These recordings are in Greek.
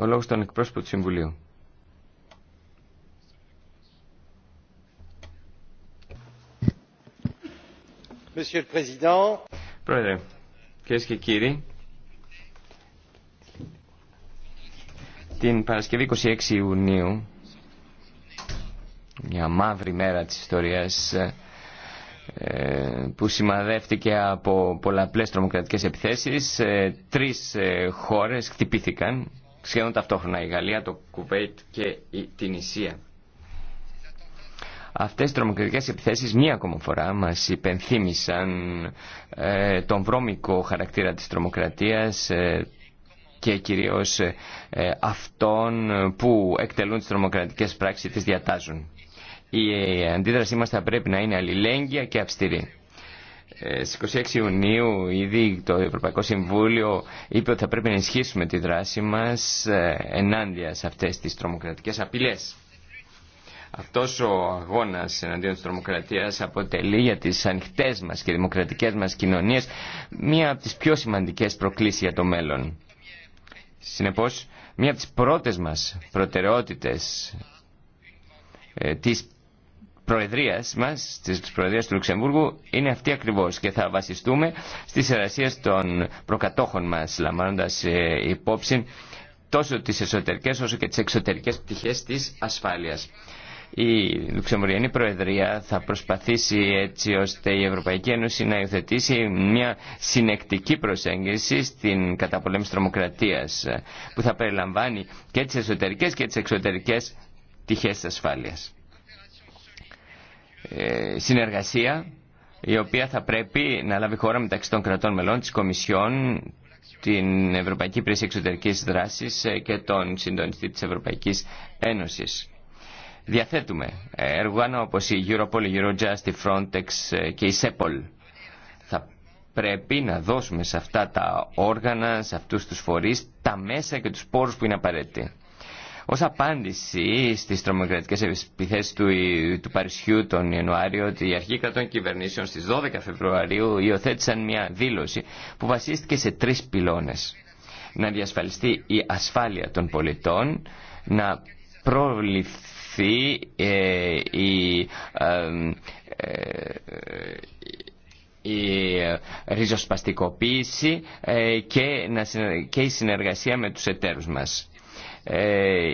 ο λόγος των εκπρόσωπο του Συμβουλίου. Πρόεδρε, κυρίες και κύριοι, την Παρασκευή 26 Ιουνίου, μια μαύρη μέρα της ιστορίας ε, που σημαδεύτηκε από πολλαπλές τρομοκρατικές επιθέσεις, ε, τρεις ε, χώρες χτυπήθηκαν σχεδόν ταυτόχρονα η Γαλλία, το Κουβέιτ και η Τινησία. Αυτές οι τρομοκρατικές επιθέσεις μία ακόμα φορά μας υπενθύμησαν ε, τον βρώμικο χαρακτήρα της τρομοκρατίας ε, και κυρίως ε, αυτών που εκτελούν τις τρομοκρατικές πράξεις τις διατάζουν. Η αντίδρασή μας θα πρέπει να είναι αλληλέγγυα και αυστηρή. Ε, Στι 26 Ιουνίου ήδη το Ευρωπαϊκό Συμβούλιο είπε ότι θα πρέπει να ενισχύσουμε τη δράση μας ε, ενάντια σε αυτές τις τρομοκρατικές απειλές. Αυτός ο αγώνας εναντίον της τρομοκρατίας αποτελεί για τις ανοιχτές μας και δημοκρατικές μας κοινωνίες μία από τις πιο σημαντικές προκλήσεις για το μέλλον. Συνεπώς, μία από τις πρώτες μας προτεραιότητες ε, της Προεδρία μα, τη Προεδρίας του Λουξεμβούργου, είναι αυτή ακριβώ και θα βασιστούμε στι εργασίε των προκατόχων μας, λαμβάνοντας ε, υπόψη τόσο τι εσωτερικέ όσο και τι εξωτερικέ πτυχέ της ασφάλεια. Η Λουξεμβουριανή Προεδρία θα προσπαθήσει έτσι ώστε η Ευρωπαϊκή Ένωση να υιοθετήσει μια συνεκτική προσέγγιση στην καταπολέμηση τρομοκρατίας ε, που θα περιλαμβάνει και τις εσωτερικές και τις εξωτερικές πτυχές της ασφάλειας. Ε, συνεργασία η οποία θα πρέπει να λάβει χώρα μεταξύ των κρατών μελών, της Κομισιόν, την Ευρωπαϊκή Υπηρεσία Εξωτερικής Δράσης ε, και τον συντονιστή της Ευρωπαϊκής Ένωσης. Διαθέτουμε εργάνω όπως η Europol, η Eurojust, η Frontex ε, και η SEPOL. Θα πρέπει να δώσουμε σε αυτά τα όργανα, σε αυτούς τους φορείς, τα μέσα και τους πόρους που είναι απαραίτητοι. Ω απάντηση στι τρομοκρατικέ επιθέσει του, του Παρισιού τον Ιανουάριο, οι αρχή κρατών κυβερνήσεων στι 12 Φεβρουαρίου υιοθέτησαν μια δήλωση που βασίστηκε σε τρει πυλώνε. Να διασφαλιστεί η ασφάλεια των πολιτών, να προληφθεί ε, η, ε, ε, η ριζοσπαστικοποίηση ε, και η συνεργασία με τους εταίρους μας. Ε,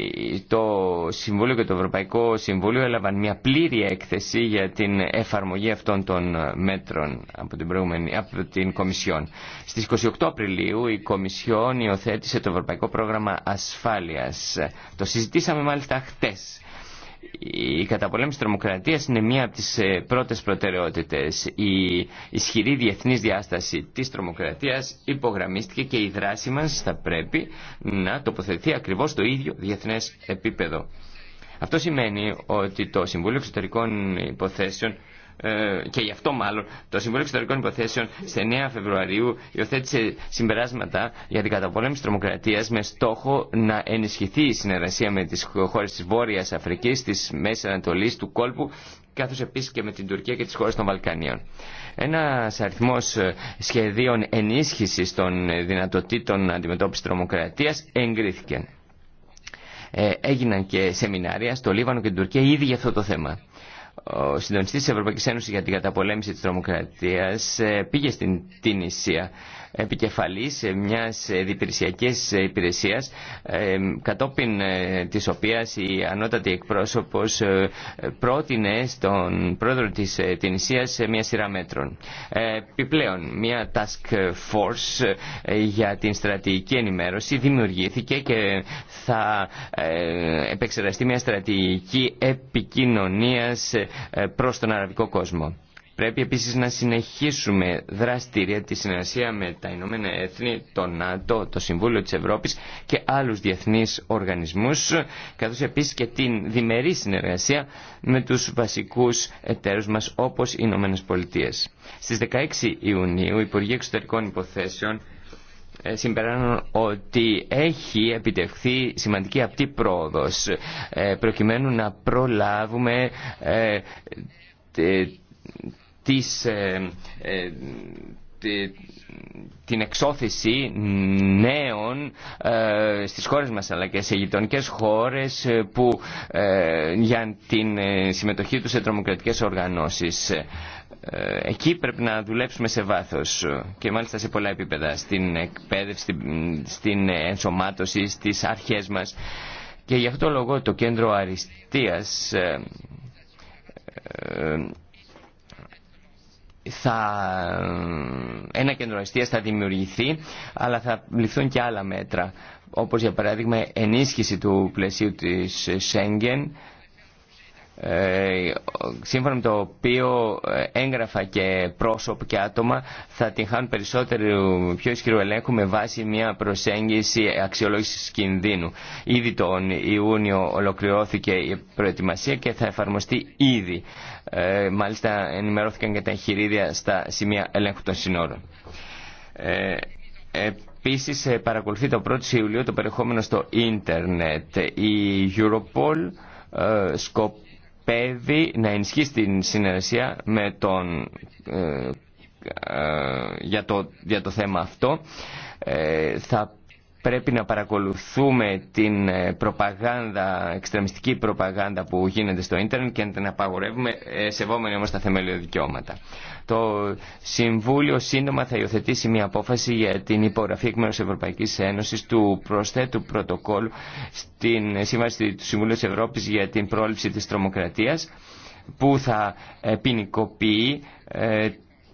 το Συμβούλιο και το Ευρωπαϊκό Συμβούλιο έλαβαν μια πλήρη έκθεση για την εφαρμογή αυτών των μέτρων από την, προηγούμενη, από την Κομισιόν. Στις 28 Απριλίου η Κομισιόν υιοθέτησε το Ευρωπαϊκό Πρόγραμμα Ασφάλειας. Το συζητήσαμε μάλιστα χτες η καταπολέμηση της τρομοκρατίας είναι μία από τις ε, πρώτες προτεραιότητες. Η ισχυρή διεθνής διάσταση της τρομοκρατίας υπογραμμίστηκε και η δράση μας θα πρέπει να τοποθετηθεί ακριβώς στο ίδιο διεθνές επίπεδο. Αυτό σημαίνει ότι το Συμβούλιο Εξωτερικών Υποθέσεων ε, και γι' αυτό μάλλον το Συμβούλιο Εξωτερικών Υποθέσεων σε 9 Φεβρουαρίου υιοθέτησε συμπεράσματα για την καταπολέμηση της τρομοκρατίας με στόχο να ενισχυθεί η συνεργασία με τις χώρες της Βόρειας Αφρικής, της Μέσης Ανατολής, του κόλπου καθώς επίσης και με την Τουρκία και τις χώρες των Βαλκανίων. Ένα αριθμός ε, σχεδίων ενίσχυσης των ε, δυνατοτήτων αντιμετώπισης τρομοκρατίας εγκρίθηκε. έγιναν και σεμινάρια στο Λίβανο και την Τουρκία ήδη για αυτό το θέμα ο συντονιστής της Ευρωπαϊκής Ένωσης για την καταπολέμηση της τρομοκρατίας ε, πήγε στην Τινησία επικεφαλής μιας διπηρεσιακής υπηρεσίας ε, κατόπιν ε, της οποίας η ανώτατη εκπρόσωπος ε, πρότεινε στον πρόεδρο της Τινησίας μια σειρά μέτρων. Επιπλέον, μια task force για την στρατηγική ενημέρωση δημιουργήθηκε και θα επεξεργαστεί μια στρατηγική επικοινωνίας προς τον αραβικό κόσμο. Πρέπει επίσης να συνεχίσουμε δραστηρία τη συνεργασία με τα Ηνωμένα Έθνη, το ΝΑΤΟ, το Συμβούλιο της Ευρώπης και άλλους διεθνείς οργανισμούς, καθώς επίσης και την διμερή συνεργασία με τους βασικούς εταίρους μας όπως οι Ηνωμένε Πολιτείες. Στις 16 Ιουνίου, οι Υπουργοί Εξωτερικών Υποθέσεων ε, συμπεράνουν ότι έχει επιτευχθεί σημαντική απτή πρόοδος ε, προκειμένου να προλάβουμε ε, της, ε, ε, την εξώθηση νέων ε, στις χώρες μας αλλά και σε γειτονικέ χώρες που, για την συμμετοχή τους σε τρομοκρατικές οργανώσεις. Εκεί πρέπει να δουλέψουμε σε βάθος και μάλιστα σε πολλά επίπεδα, στην εκπαίδευση, στην ενσωμάτωση, στις αρχές μας. Και γι' αυτό λόγο το κέντρο αριστείας θα, ένα κέντρο αιστείας θα δημιουργηθεί, αλλά θα ληφθούν και άλλα μέτρα, όπως για παράδειγμα ενίσχυση του πλαισίου της Σέγγεν, ε, σύμφωνα με το οποίο ε, έγγραφα και πρόσωπο και άτομα θα την χάνουν περισσότερο πιο ισχυρό ελέγχου με βάση μια προσέγγιση αξιολόγησης κινδύνου. Ήδη τον Ιούνιο ολοκληρώθηκε η προετοιμασία και θα εφαρμοστεί ήδη. Ε, μάλιστα ενημερώθηκαν και τα εγχειρίδια στα σημεία ελέγχου των συνόρων. Ε, επίσης παρακολουθεί το 1 Ιουλίου το περιεχόμενο στο ίντερνετ. Η Europol ε, παίδι να ενισχύσει την συνεργασία με τον, ε, ε, για, το, για το θέμα αυτό. Ε, θα πρέπει να παρακολουθούμε την ε, προπαγάνδα, εξτρεμιστική προπαγάνδα που γίνεται στο ίντερνετ και να την απαγορεύουμε, ε, σεβόμενοι όμως τα θεμελιώδη δικαιώματα. Το Συμβούλιο σύντομα θα υιοθετήσει μια απόφαση για την υπογραφή εκ μέρους Ευρωπαϊκής Ένωσης του προσθέτου πρωτοκόλου στην Σύμβαση του Συμβουλίου της Ευρώπης για την πρόληψη της τρομοκρατίας που θα ε, ποινικοποιεί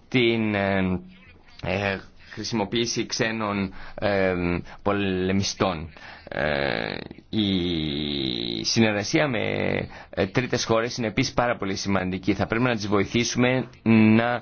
την χρησιμοποίηση ξένων ε, πολεμιστών. Ε, η συνεργασία με ε, τρίτες χώρες είναι επίσης πάρα πολύ σημαντική. Θα πρέπει να τις βοηθήσουμε να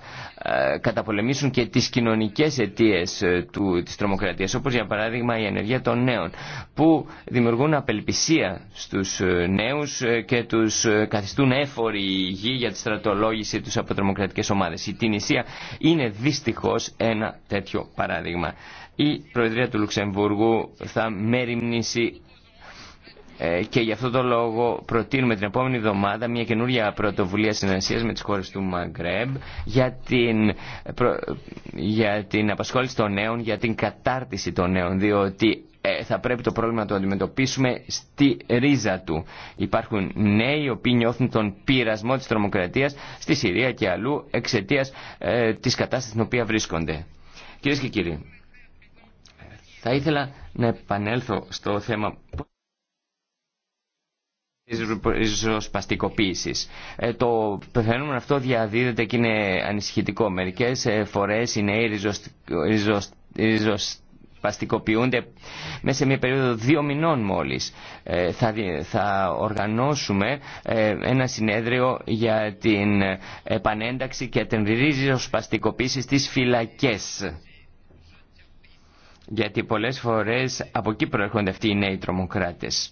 ε, καταπολεμήσουν και τις κοινωνικές αιτίες του, της τρομοκρατίας, όπως για παράδειγμα η ενέργεια των νέων, που δημιουργούν απελπισία στους νέους και τους καθιστούν έφοροι γη για τη στρατολόγηση τους από τρομοκρατικές ομάδες. Η Τινησία είναι δυστυχώς ένα τέτοιο παράδειγμα. Η Προεδρία του Λουξεμβούργου θα μεριμνήσει ε, και γι' αυτό το λόγο προτείνουμε την επόμενη εβδομάδα μια καινούργια πρωτοβουλία συνεργασίας με τις χώρες του Μαγκρέμπ για την, για την απασχόληση των νέων, για την κατάρτιση των νέων, διότι ε, θα πρέπει το πρόβλημα να το αντιμετωπίσουμε στη ρίζα του. Υπάρχουν νέοι οι οποίοι νιώθουν τον πειρασμό της τρομοκρατίας στη Συρία και αλλού εξαιτίας ε, της κατάστασης στην οποία βρίσκονται. Κυρίε και κύριοι, θα ήθελα να επανέλθω στο θέμα της ριζοσπαστικοποίησης. Ε, το φαινόμενο αυτό διαδίδεται και είναι ανησυχητικό. Μερικές ε, φορές οι νέοι ριζοσ, μέσα σε μια περίοδο δύο μηνών μόλις. Ε, θα, οργανώσουμε ένα συνέδριο για την επανένταξη και την ριζοσπαστικοποίηση παστικοποίηση στις φυλακές γιατί πολλές φορές από εκεί προέρχονται αυτοί οι νέοι τρομοκράτες.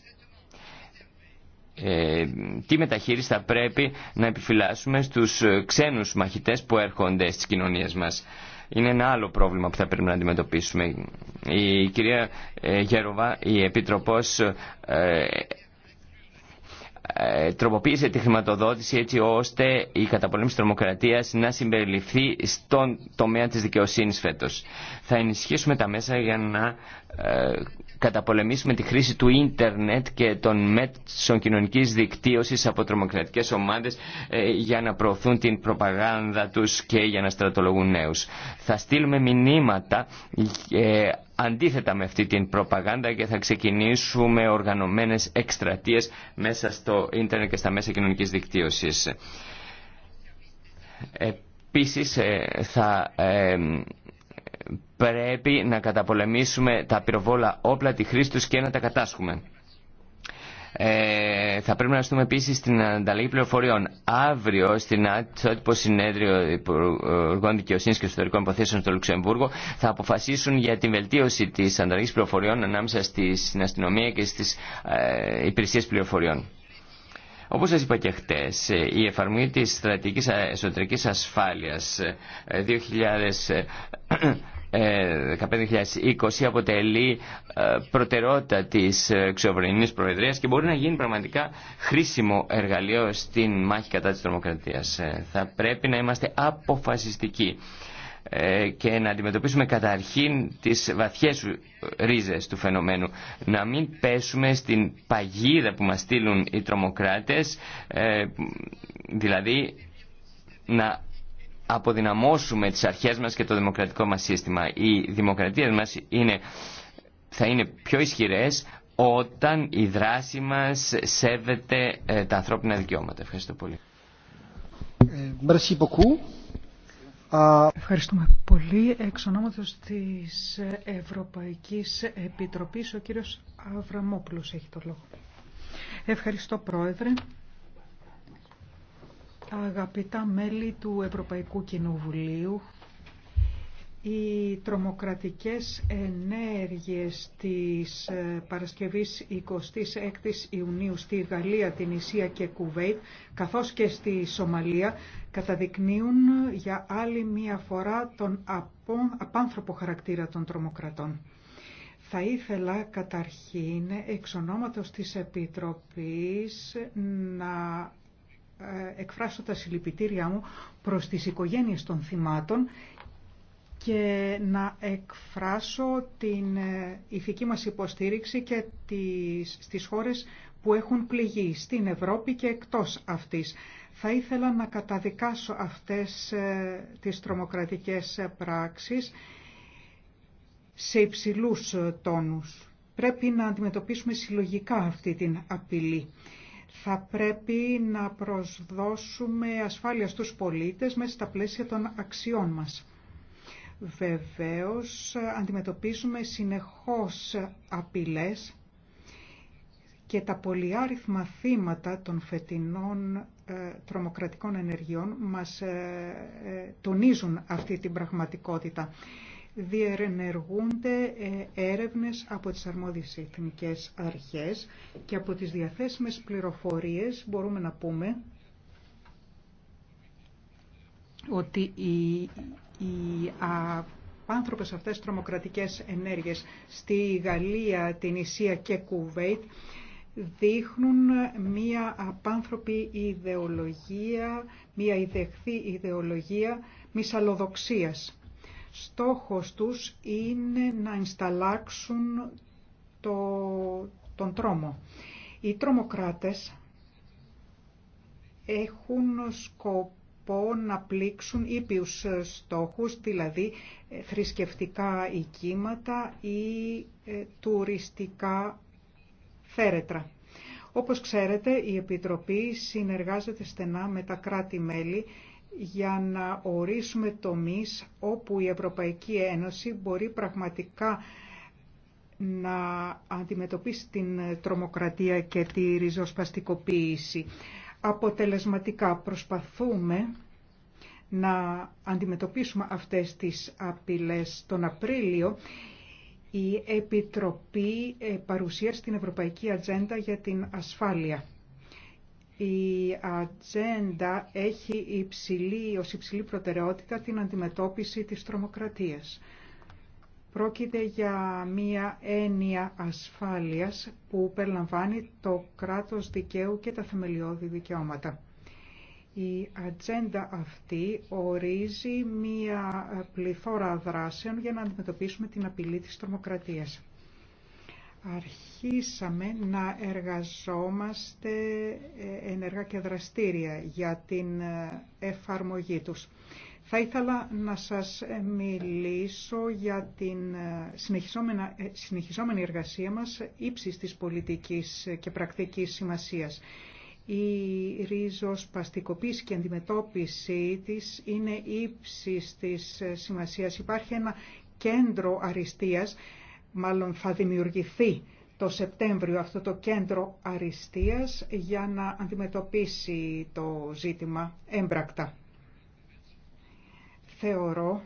Ε, τι μεταχείριση θα πρέπει να επιφυλάσσουμε στους ξένους μαχητές που έρχονται στις κοινωνίες μας. Είναι ένα άλλο πρόβλημα που θα πρέπει να αντιμετωπίσουμε. Η κυρία ε, Γεροβά, η Επίτροπος, ε, ε, τροποποίησε τη χρηματοδότηση έτσι ώστε η καταπολέμηση τρομοκρατίας να συμπεριληφθεί στον τομέα της δικαιοσύνης φέτος. Θα ενισχύσουμε τα μέσα για να ε, καταπολεμήσουμε τη χρήση του ίντερνετ και των μέσων κοινωνικής δικτύωσης από τρομοκρατικές ομάδες ε, για να προωθούν την προπαγάνδα τους και για να στρατολογούν νέους. Θα στείλουμε μηνύματα αντίθετα με αυτή την προπαγάνδα και θα ξεκινήσουμε οργανωμένες εκστρατείες μέσα στο ίντερνετ και στα μέσα κοινωνικής δικτύωσης. Επίσης ε, θα ε, πρέπει να καταπολεμήσουμε τα πυροβόλα όπλα τη χρήση τους και να τα κατάσχουμε. Ε, θα πρέπει να αστούμε επίση στην ανταλλαγή πληροφοριών. Αύριο, στην άτυπο συνέδριο Υπουργών Δικαιοσύνη και Ιστορικών Υποθέσεων στο Λουξεμβούργο, θα αποφασίσουν για την βελτίωση τη ανταλλαγή πληροφοριών ανάμεσα στην αστυνομία και στι ε, υπηρεσίε πληροφοριών. Όπω σα είπα και χτε, ε, η εφαρμογή τη στρατηγική εσωτερική ασφάλεια ε, 15.020 ε, αποτελεί ε, προτεραιότητα της ε, εξωβρινής προεδρίας και μπορεί να γίνει πραγματικά χρήσιμο εργαλείο στην μάχη κατά της τρομοκρατίας. Θα πρέπει να είμαστε αποφασιστικοί και να αντιμετωπίσουμε καταρχήν τις βαθιές ρίζες του φαινομένου. Να μην πέσουμε στην παγίδα που μας στείλουν οι τρομοκράτες, δηλαδή να αποδυναμώσουμε τις αρχές μας και το δημοκρατικό μας σύστημα. Οι δημοκρατίες μας είναι, θα είναι πιο ισχυρές όταν η δράση μας σέβεται ε, τα ανθρώπινα δικαιώματα. Ευχαριστώ πολύ. Ε, Ευχαριστούμε πολύ. Εξ ονόματος της Ευρωπαϊκής Επιτροπής, ο κύριος Αβραμόπουλος έχει το λόγο. Ευχαριστώ, Πρόεδρε. Αγαπητά μέλη του Ευρωπαϊκού Κοινοβουλίου, οι τρομοκρατικές ενέργειες της ε, Παρασκευής 26 Ιουνίου στη Γαλλία, την Ισία και Κουβέιτ, καθώς και στη Σομαλία, καταδεικνύουν για άλλη μία φορά τον απάνθρωπο χαρακτήρα των τρομοκρατών. Θα ήθελα καταρχήν εξ ονόματος της Επιτροπής να ε, εκφράσω τα συλληπιτήριά μου προς τις οικογένειες των θυμάτων και να εκφράσω την ε, ηθική μας υποστήριξη και τις, στις χώρες που έχουν πληγεί στην Ευρώπη και εκτός αυτής. Θα ήθελα να καταδικάσω αυτές ε, τις τρομοκρατικές πράξεις σε υψηλούς τόνους. Πρέπει να αντιμετωπίσουμε συλλογικά αυτή την απειλή. Θα πρέπει να προσδώσουμε ασφάλεια στους πολίτες μέσα στα πλαίσια των αξιών μας. Βεβαίως αντιμετωπίζουμε συνεχώς απειλές και τα πολυάριθμα θύματα των φετινών ε, τρομοκρατικών ενεργειών μας ε, ε, τονίζουν αυτή την πραγματικότητα διερενεργούνται ε, έρευνες από τις αρμόδιες εθνικές αρχές και από τις διαθέσιμες πληροφορίες μπορούμε να πούμε ότι οι, οι α, άνθρωπες αυτές τρομοκρατικές ενέργειες στη Γαλλία, την Ισία και Κουβέιτ δείχνουν μία απάνθρωπη ιδεολογία, μία ιδεχθή ιδεολογία μυσαλλοδοξίας Στόχος τους είναι να ενσταλλάξουν το, τον τρόμο. Οι τρομοκράτες έχουν σκοπό να πλήξουν ήπιους στόχους, δηλαδή ε, θρησκευτικά οικίματα ή ε, τουριστικά θέρετρα. Όπως ξέρετε, η Επιτροπή συνεργάζεται στενά με τα κράτη-μέλη για να ορίσουμε τομείς όπου η Ευρωπαϊκή Ένωση μπορεί πραγματικά να αντιμετωπίσει την τρομοκρατία και τη ριζοσπαστικοποίηση. Αποτελεσματικά προσπαθούμε να αντιμετωπίσουμε αυτές τις απειλές. Τον Απρίλιο η Επιτροπή παρουσίασε την Ευρωπαϊκή Ατζέντα για την Ασφάλεια η ατζέντα έχει υψηλή, ως υψηλή προτεραιότητα την αντιμετώπιση της τρομοκρατίας. Πρόκειται για μία έννοια ασφάλειας που περιλαμβάνει το κράτος δικαίου και τα θεμελιώδη δικαιώματα. Η ατζέντα αυτή ορίζει μία πληθώρα δράσεων για να αντιμετωπίσουμε την απειλή της τρομοκρατίας αρχίσαμε να εργαζόμαστε ε, ενεργά και δραστήρια για την ε, εφαρμογή τους. Θα ήθελα να σας ε, μιλήσω για την συνεχιζόμενη εργασία μας ύψης της πολιτικής και πρακτικής σημασίας. Η ριζοσπαστικοποίηση και αντιμετώπιση της είναι ύψης της σημασίας. Υπάρχει ένα κέντρο αριστείας μάλλον θα δημιουργηθεί το Σεπτέμβριο αυτό το κέντρο αριστείας για να αντιμετωπίσει το ζήτημα έμπρακτα. Θεωρώ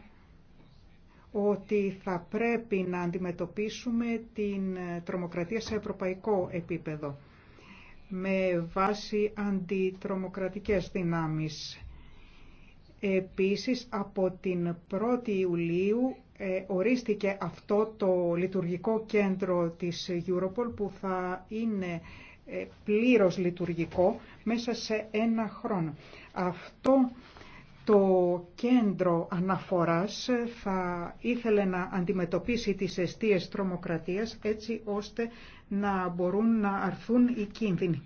ότι θα πρέπει να αντιμετωπίσουμε την τρομοκρατία σε ευρωπαϊκό επίπεδο με βάση αντιτρομοκρατικές δυνάμεις. Επίσης, από την 1η Ιουλίου ε, ορίστηκε αυτό το λειτουργικό κέντρο της Europol που θα είναι ε, πλήρως λειτουργικό μέσα σε ένα χρόνο. Αυτό το κέντρο αναφοράς ε, θα ήθελε να αντιμετωπίσει τις αιστείες τρομοκρατίας έτσι ώστε να μπορούν να αρθούν οι κίνδυνοι.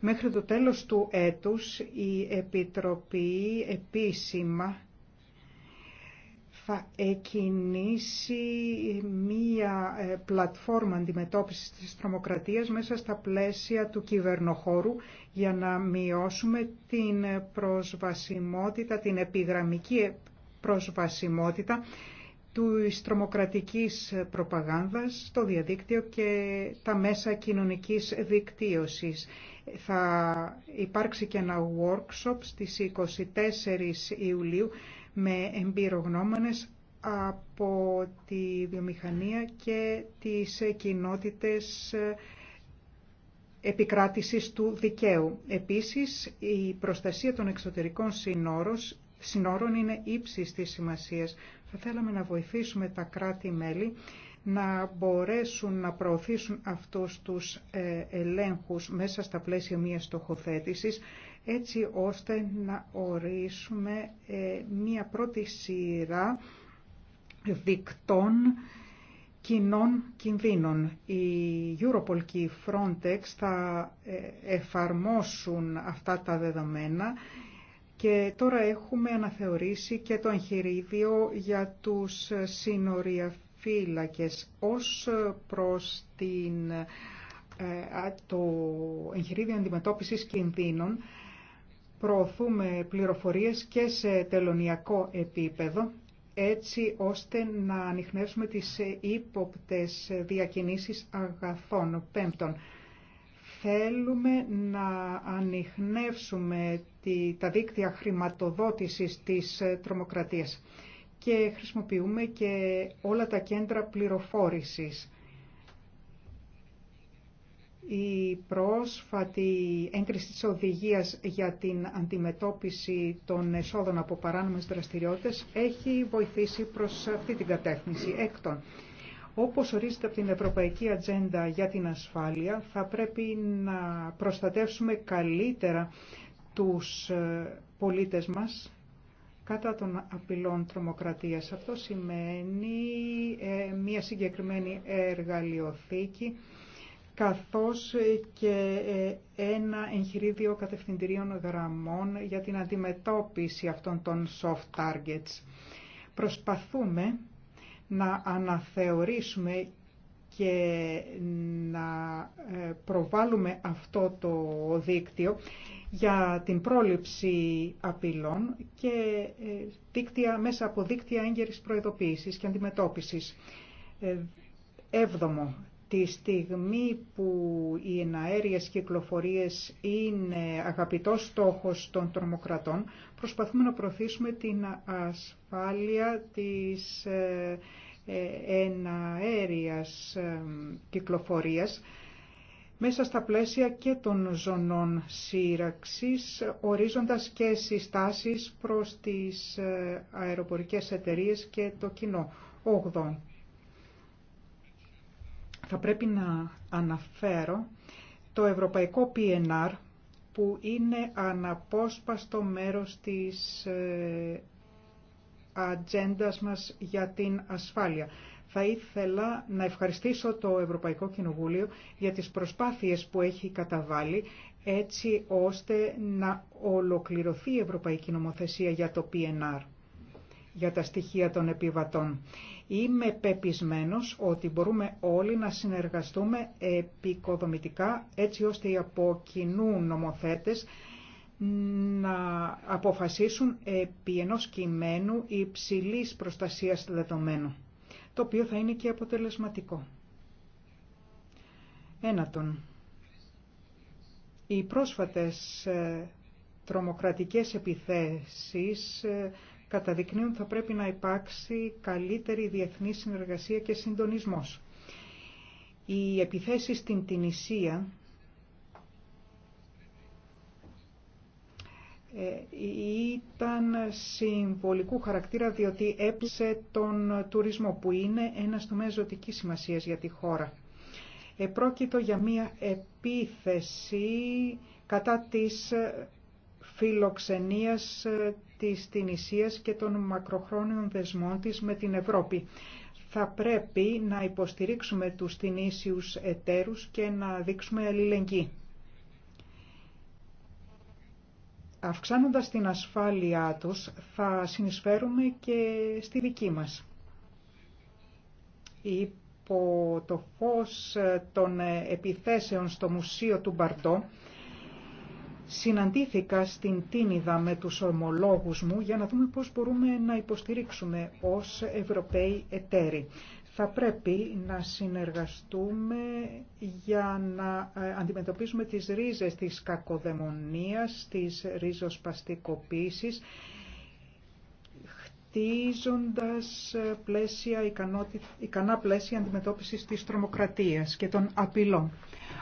Μέχρι το τέλος του έτους η Επιτροπή επίσημα θα εκκινήσει μία ε, πλατφόρμα αντιμετώπισης της τρομοκρατίας μέσα στα πλαίσια του κυβερνοχώρου για να μειώσουμε την προσβασιμότητα, την επιγραμμική προσβασιμότητα του τρομοκρατικής προπαγάνδας στο διαδίκτυο και τα μέσα κοινωνικής δικτύωσης. Θα υπάρξει και ένα workshop στις 24 Ιουλίου με εμπειρογνώμονες από τη βιομηχανία και τις κοινότητες επικράτησης του δικαίου. Επίσης, η προστασία των εξωτερικών συνόρων είναι ύψης της σημασίας. Θα θέλαμε να βοηθήσουμε τα κράτη-μέλη να μπορέσουν να προωθήσουν αυτούς τους ε, ελέγχους μέσα στα πλαίσια μιας στοχοθέτησης έτσι ώστε να ορίσουμε ε, μία πρώτη σειρά δικτών κοινών κινδύνων. Η Europol και η Frontex θα ε, εφαρμόσουν αυτά τα δεδομένα και τώρα έχουμε αναθεωρήσει και το εγχειρίδιο για τους συνοριαφύλακες ως προς την, ε, το εγχειρίδιο αντιμετώπισης κινδύνων προωθούμε πληροφορίες και σε τελωνιακό επίπεδο, έτσι ώστε να ανοιχνεύσουμε τις ύποπτες διακινήσεις αγαθών. Πέμπτον, θέλουμε να ανοιχνεύσουμε τα δίκτυα χρηματοδότησης της ε, τρομοκρατίας και χρησιμοποιούμε και όλα τα κέντρα πληροφόρησης η πρόσφατη έγκριση της οδηγίας για την αντιμετώπιση των εσόδων από παράνομες δραστηριότητες έχει βοηθήσει προς αυτή την κατεύθυνση. Έκτον, όπως ορίζεται από την Ευρωπαϊκή Ατζέντα για την Ασφάλεια, θα πρέπει να προστατεύσουμε καλύτερα τους ε, πολίτες μας κατά των απειλών τρομοκρατίας. Αυτό σημαίνει ε, μια συγκεκριμένη εργαλειοθήκη καθώς και ε, ένα εγχειρίδιο κατευθυντηρίων γραμμών για την αντιμετώπιση αυτών των soft targets. Προσπαθούμε να αναθεωρήσουμε και να ε, προβάλλουμε αυτό το δίκτυο για την πρόληψη απειλών και ε, δίκτυα, μέσα από δίκτυα έγκαιρης προειδοποίησης και αντιμετώπισης. Έβδομο, Τη στιγμή που οι εναέριες κυκλοφορίες είναι αγαπητός στόχος των τρομοκρατών, προσπαθούμε να προωθήσουμε την ασφάλεια της ε, ε, εναέριας ε, κυκλοφορίας μέσα στα πλαίσια και των ζωνών σύραξης, ορίζοντας και συστάσεις προς τις αεροπορικές εταιρείες και το κοινό. 8 θα πρέπει να αναφέρω το Ευρωπαϊκό PNR που είναι αναπόσπαστο μέρος της ε, ατζέντα μας για την ασφάλεια. Θα ήθελα να ευχαριστήσω το Ευρωπαϊκό Κοινοβούλιο για τις προσπάθειες που έχει καταβάλει έτσι ώστε να ολοκληρωθεί η Ευρωπαϊκή Νομοθεσία για το PNR για τα στοιχεία των επιβατών. Είμαι πεπισμένος ότι μπορούμε όλοι να συνεργαστούμε επικοδομητικά έτσι ώστε οι από κοινού νομοθέτες να αποφασίσουν επί ενός κειμένου υψηλής προστασίας δεδομένου, το οποίο θα είναι και αποτελεσματικό. Ένατον, οι πρόσφατες ε, τρομοκρατικές επιθέσεις ε, καταδεικνύουν ότι θα πρέπει να υπάρξει καλύτερη διεθνή συνεργασία και συντονισμός. Οι επιθέσεις στην Τινησία ε, ήταν συμβολικού χαρακτήρα διότι έπισε τον τουρισμό που είναι ένας τομέας ζωτικής σημασίας για τη χώρα. Επρόκειτο για μία επίθεση κατά της φιλοξενίας της Τινησίας και των μακροχρόνιων δεσμών της με την Ευρώπη. Θα πρέπει να υποστηρίξουμε τους Τινήσιους εταίρους και να δείξουμε αλληλεγγύη. Αυξάνοντας την ασφάλειά τους θα συνεισφέρουμε και στη δική μας. Υπό το φως των επιθέσεων στο Μουσείο του Μπαρτό συναντήθηκα στην Τίνιδα με τους ομολόγους μου για να δούμε πώς μπορούμε να υποστηρίξουμε ως Ευρωπαίοι εταίροι. Θα πρέπει να συνεργαστούμε για να ε, αντιμετωπίσουμε τις ρίζες της κακοδαιμονίας, της ρίζοσπαστικοποίησης, χτίζοντας ε, πλαίσια, ικανά πλαίσια αντιμετώπισης της τρομοκρατίας και των απειλών.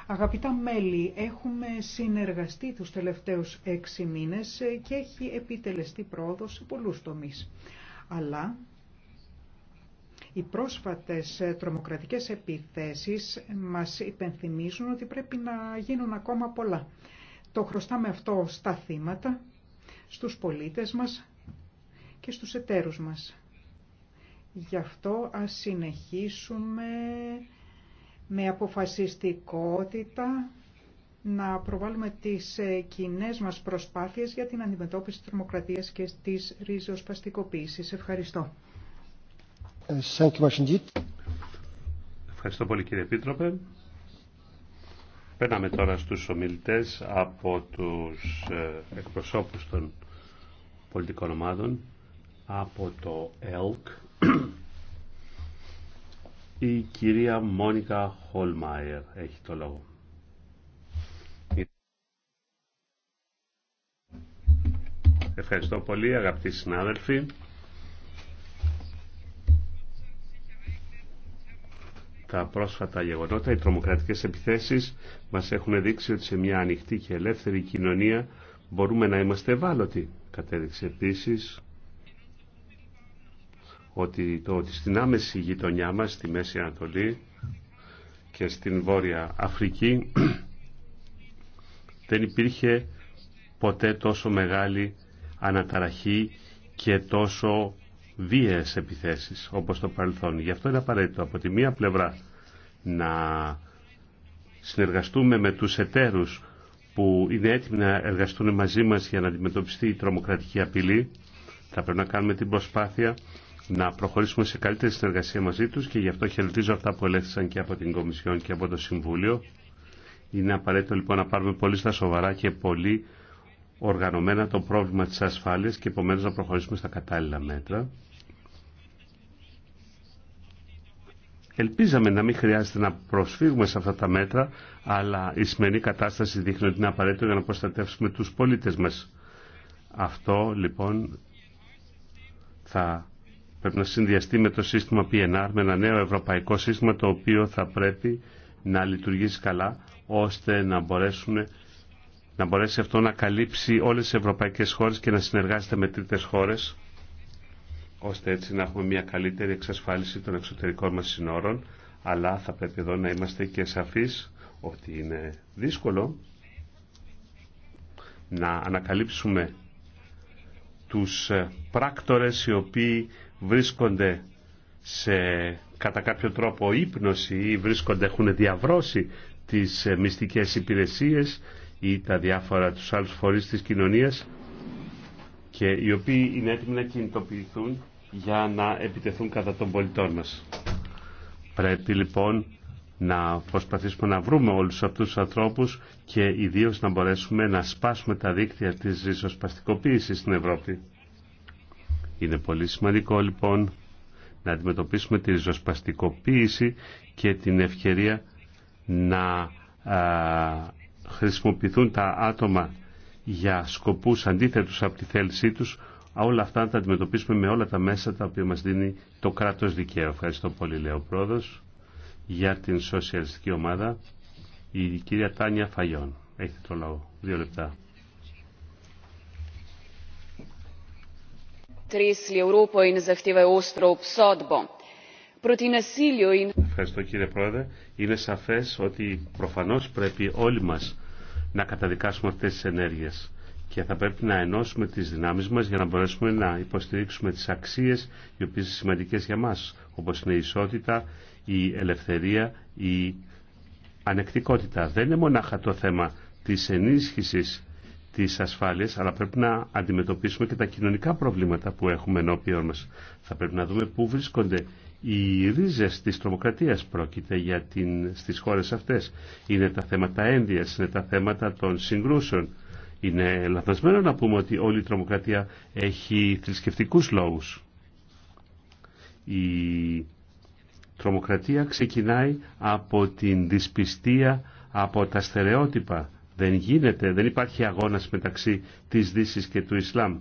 Αγαπητά μέλη, έχουμε συνεργαστεί τους τελευταίους έξι μήνες και έχει επιτελεστεί πρόοδος σε πολλούς τομείς. Αλλά οι πρόσφατες τρομοκρατικές επιθέσεις μας υπενθυμίζουν ότι πρέπει να γίνουν ακόμα πολλά. Το χρωστάμε αυτό στα θύματα, στους πολίτες μας και στους εταίρους μας. Γι' αυτό ας συνεχίσουμε με αποφασιστικότητα να προβάλλουμε τις ε, κοινέ μας προσπάθειες για την αντιμετώπιση της τρομοκρατίας και της ριζοσπαστικοποίησης. Ευχαριστώ. Ε, Ευχαριστώ πολύ κύριε Επίτροπε. Παίρναμε τώρα στους ομιλητές από τους ε, εκπροσώπους των πολιτικών ομάδων από το ΕΛΚ η κυρία Μόνικα Χολμάιερ έχει το λόγο. Ευχαριστώ πολύ αγαπητοί συνάδελφοι. Τα πρόσφατα γεγονότα, οι τρομοκρατικές επιθέσεις μας έχουν δείξει ότι σε μια ανοιχτή και ελεύθερη κοινωνία μπορούμε να είμαστε ευάλωτοι. Κατέδειξε επίσης ότι, το, ότι στην άμεση γειτονιά μας, στη Μέση Ανατολή και στην Βόρεια Αφρική δεν υπήρχε ποτέ τόσο μεγάλη αναταραχή και τόσο βίαιες επιθέσεις όπως το παρελθόν. Γι' αυτό είναι απαραίτητο από τη μία πλευρά να συνεργαστούμε με τους εταίρους που είναι έτοιμοι να εργαστούν μαζί μας για να αντιμετωπιστεί η τρομοκρατική απειλή. Θα πρέπει να κάνουμε την προσπάθεια να προχωρήσουμε σε καλύτερη συνεργασία μαζί τους και γι' αυτό χαιρετίζω αυτά που ελέγχθησαν και από την Κομισιόν και από το Συμβούλιο. Είναι απαραίτητο λοιπόν να πάρουμε πολύ στα σοβαρά και πολύ οργανωμένα το πρόβλημα της ασφάλειας και επομένω να προχωρήσουμε στα κατάλληλα μέτρα. Ελπίζαμε να μην χρειάζεται να προσφύγουμε σε αυτά τα μέτρα, αλλά η σημερινή κατάσταση δείχνει ότι είναι απαραίτητο για να προστατεύσουμε τους πολίτες μας. Αυτό λοιπόν θα πρέπει να συνδυαστεί με το σύστημα PNR, με ένα νέο ευρωπαϊκό σύστημα το οποίο θα πρέπει να λειτουργήσει καλά ώστε να, μπορέσουν, να μπορέσει αυτό να καλύψει όλες τις ευρωπαϊκές χώρες και να συνεργάζεται με τρίτες χώρες ώστε έτσι να έχουμε μια καλύτερη εξασφάλιση των εξωτερικών μας συνόρων αλλά θα πρέπει εδώ να είμαστε και σαφείς ότι είναι δύσκολο να ανακαλύψουμε τους πράκτορες οι οποίοι βρίσκονται σε κατά κάποιο τρόπο ύπνωση ή βρίσκονται, έχουν διαβρώσει τις ε, μυστικές υπηρεσίες ή τα διάφορα τους άλλους φορείς της κοινωνίας και οι οποίοι είναι έτοιμοι να κινητοποιηθούν για να επιτεθούν κατά των πολιτών μας. Πρέπει λοιπόν να προσπαθήσουμε να βρούμε όλους αυτούς τους ανθρώπους και ιδίως να μπορέσουμε να σπάσουμε τα δίκτυα της ριζοσπαστικοποίησης στην Ευρώπη. Είναι πολύ σημαντικό λοιπόν να αντιμετωπίσουμε τη ριζοσπαστικοποίηση και την ευκαιρία να χρησιμοποιηθούν τα άτομα για σκοπούς αντίθετους από τη θέλησή τους, όλα αυτά να τα αντιμετωπίσουμε με όλα τα μέσα τα οποία μας δίνει το κράτος δικαίου. Ευχαριστώ πολύ, λέω πρόεδρος, για την σοσιαλιστική ομάδα, η κυρία Τάνια Φαγιών. Έχετε το λόγο. Δύο λεπτά. Ευχαριστώ κύριε Πρόεδρε. Είναι σαφές ότι προφανώς πρέπει όλοι μας να καταδικάσουμε αυτές τις ενέργειες και θα πρέπει να ενώσουμε τις δυνάμεις μας για να μπορέσουμε να υποστηρίξουμε τις αξίες οι οποίες είναι σημαντικές για μας, όπως είναι η ισότητα, η ελευθερία, η ανεκτικότητα. Δεν είναι μονάχα το θέμα της ενίσχυσης τις ασφάλειες, αλλά πρέπει να αντιμετωπίσουμε και τα κοινωνικά προβλήματα που έχουμε ενώπιόν μας. Θα πρέπει να δούμε πού βρίσκονται οι ρίζες της τρομοκρατίας πρόκειται για την, στις χώρες αυτές. Είναι τα θέματα ένδυας, είναι τα θέματα των συγκρούσεων. Είναι λαθασμένο να πούμε ότι όλη η τρομοκρατία έχει θρησκευτικούς λόγους. Η τρομοκρατία ξεκινάει από την δυσπιστία, από τα στερεότυπα δεν γίνεται, δεν υπάρχει αγώνας μεταξύ της δύση και του Ισλάμ.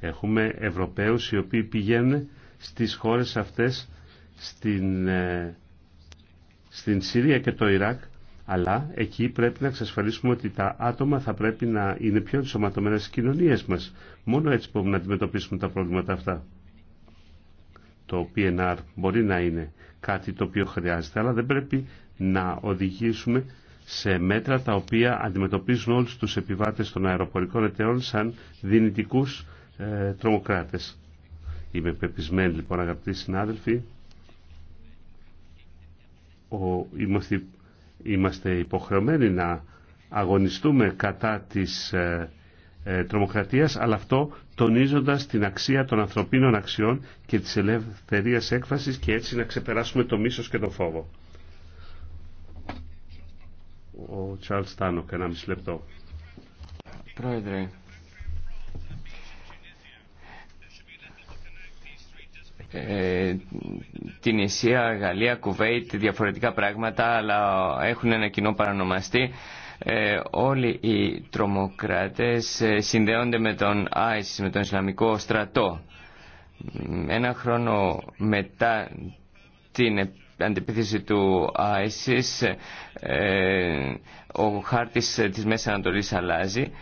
Έχουμε Ευρωπαίους οι οποίοι πηγαίνουν στις χώρες αυτές στην, ε, στην Συρία και το Ιράκ αλλά εκεί πρέπει να εξασφαλίσουμε ότι τα άτομα θα πρέπει να είναι πιο ενσωματωμένα στις κοινωνίες μας. Μόνο έτσι μπορούμε να αντιμετωπίσουμε τα προβλήματα αυτά. Το PNR μπορεί να είναι κάτι το οποίο χρειάζεται, αλλά δεν πρέπει να οδηγήσουμε σε μέτρα τα οποία αντιμετωπίζουν όλους τους επιβάτες των αεροπορικών εταιών σαν δυνητικούς ε, τρομοκράτες. Είμαι πεπισμένη λοιπόν αγαπητοί συνάδελφοι, Ο, είμαστε, υποχρεωμένοι να αγωνιστούμε κατά της ε, ε, τρομοκρατίας, αλλά αυτό τονίζοντας την αξία των ανθρωπίνων αξιών και της ελευθερίας έκφρασης και έτσι να ξεπεράσουμε το μίσος και το φόβο ο Τσάρλ Τάνοκ. ένα μισή λεπτό. Πρόεδρε, ε, την Ισία, Γαλλία, Κουβέιτ, διαφορετικά πράγματα, αλλά έχουν ένα κοινό παρανομαστή. Ε, όλοι οι τρομοκράτες ε, συνδέονται με τον ΆΙΣ, με τον Ισλαμικό στρατό. Ένα χρόνο μετά την αντιπίθεση του ε, ο χάρτης της Μέσης Ανατολής αλλάζει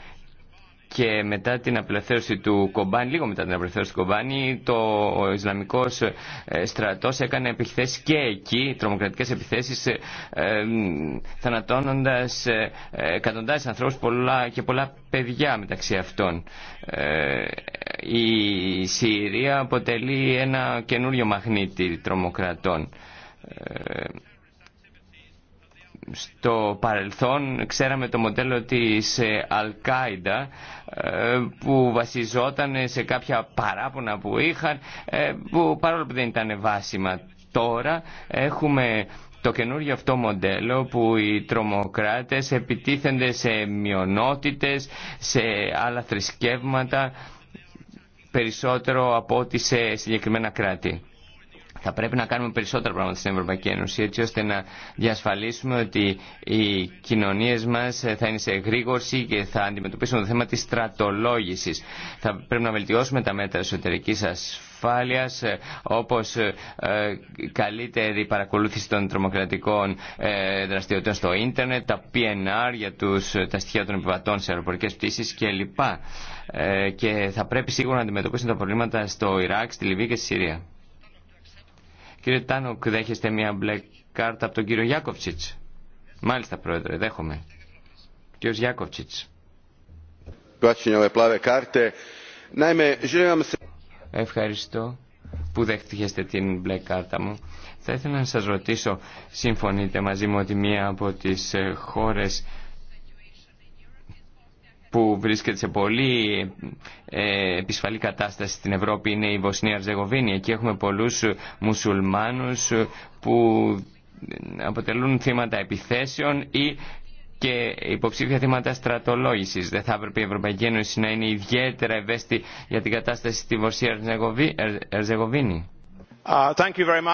και μετά την απελευθέρωση του Κομπάνη, λίγο μετά την απελευθέρωση του Κομπάνη, το, Ισλαμικός ε, στρατός έκανε επιθέσεις και εκεί, τρομοκρατικές επιθέσεις, ε, θανατώνοντας ε, εκατοντάδες ανθρώπους πολλά, και πολλά παιδιά μεταξύ αυτών. Ε, η Συρία αποτελεί ένα καινούριο μαγνήτη τρομοκρατών. Ε, στο παρελθόν ξέραμε το μοντέλο της ε, Αλκάιντα ε, που βασιζόταν σε κάποια παράπονα που είχαν που παρόλο που δεν ήταν βάσιμα τώρα έχουμε το καινούργιο αυτό μοντέλο που οι τρομοκράτες επιτίθενται σε μειονότητες, σε άλλα θρησκεύματα περισσότερο από ό,τι σε συγκεκριμένα κράτη. Θα πρέπει να κάνουμε περισσότερα πράγματα στην Ευρωπαϊκή Ένωση έτσι ώστε να διασφαλίσουμε ότι οι κοινωνίε μα θα είναι σε εγρήγορση και θα αντιμετωπίσουμε το θέμα τη στρατολόγηση. Θα πρέπει να βελτιώσουμε τα μέτρα εσωτερικής ασφάλειας όπως ε, καλύτερη παρακολούθηση των τρομοκρατικών ε, δραστηριοτήτων στο ίντερνετ, τα PNR για τους, ε, τα στοιχεία των επιβατών σε αεροπορικέ πτήσει κλπ. Και θα πρέπει σίγουρα να αντιμετωπίσουμε τα προβλήματα στο Ιράκ, στη Λιβύη και στη Συρία. Κύριε Τάνοκ, δέχεστε μια μπλε κάρτα από τον κύριο Γιάκοβτσιτς. Μάλιστα, Πρόεδρε, δέχομαι. Κύριο Γιάκοβτσιτς. Ευχαριστώ που δέχτηκεστε την μπλε κάρτα μου. Θα ήθελα να σας ρωτήσω, συμφωνείτε μαζί μου ότι μία από τις ε, χώρες που βρίσκεται σε πολύ ε, επισφαλή κατάσταση στην Ευρώπη είναι η Βοσνία Αρζεγοβίνη Εκεί έχουμε πολλούς μουσουλμάνους που αποτελούν θύματα επιθέσεων ή και υποψήφια θύματα στρατολόγηση. Δεν θα έπρεπε η Ευρωπαϊκή Ένωση να είναι ιδιαίτερα ευαίσθητη για την κατάσταση στη Βοσνία Ερζεγοβίνη. Uh, thank you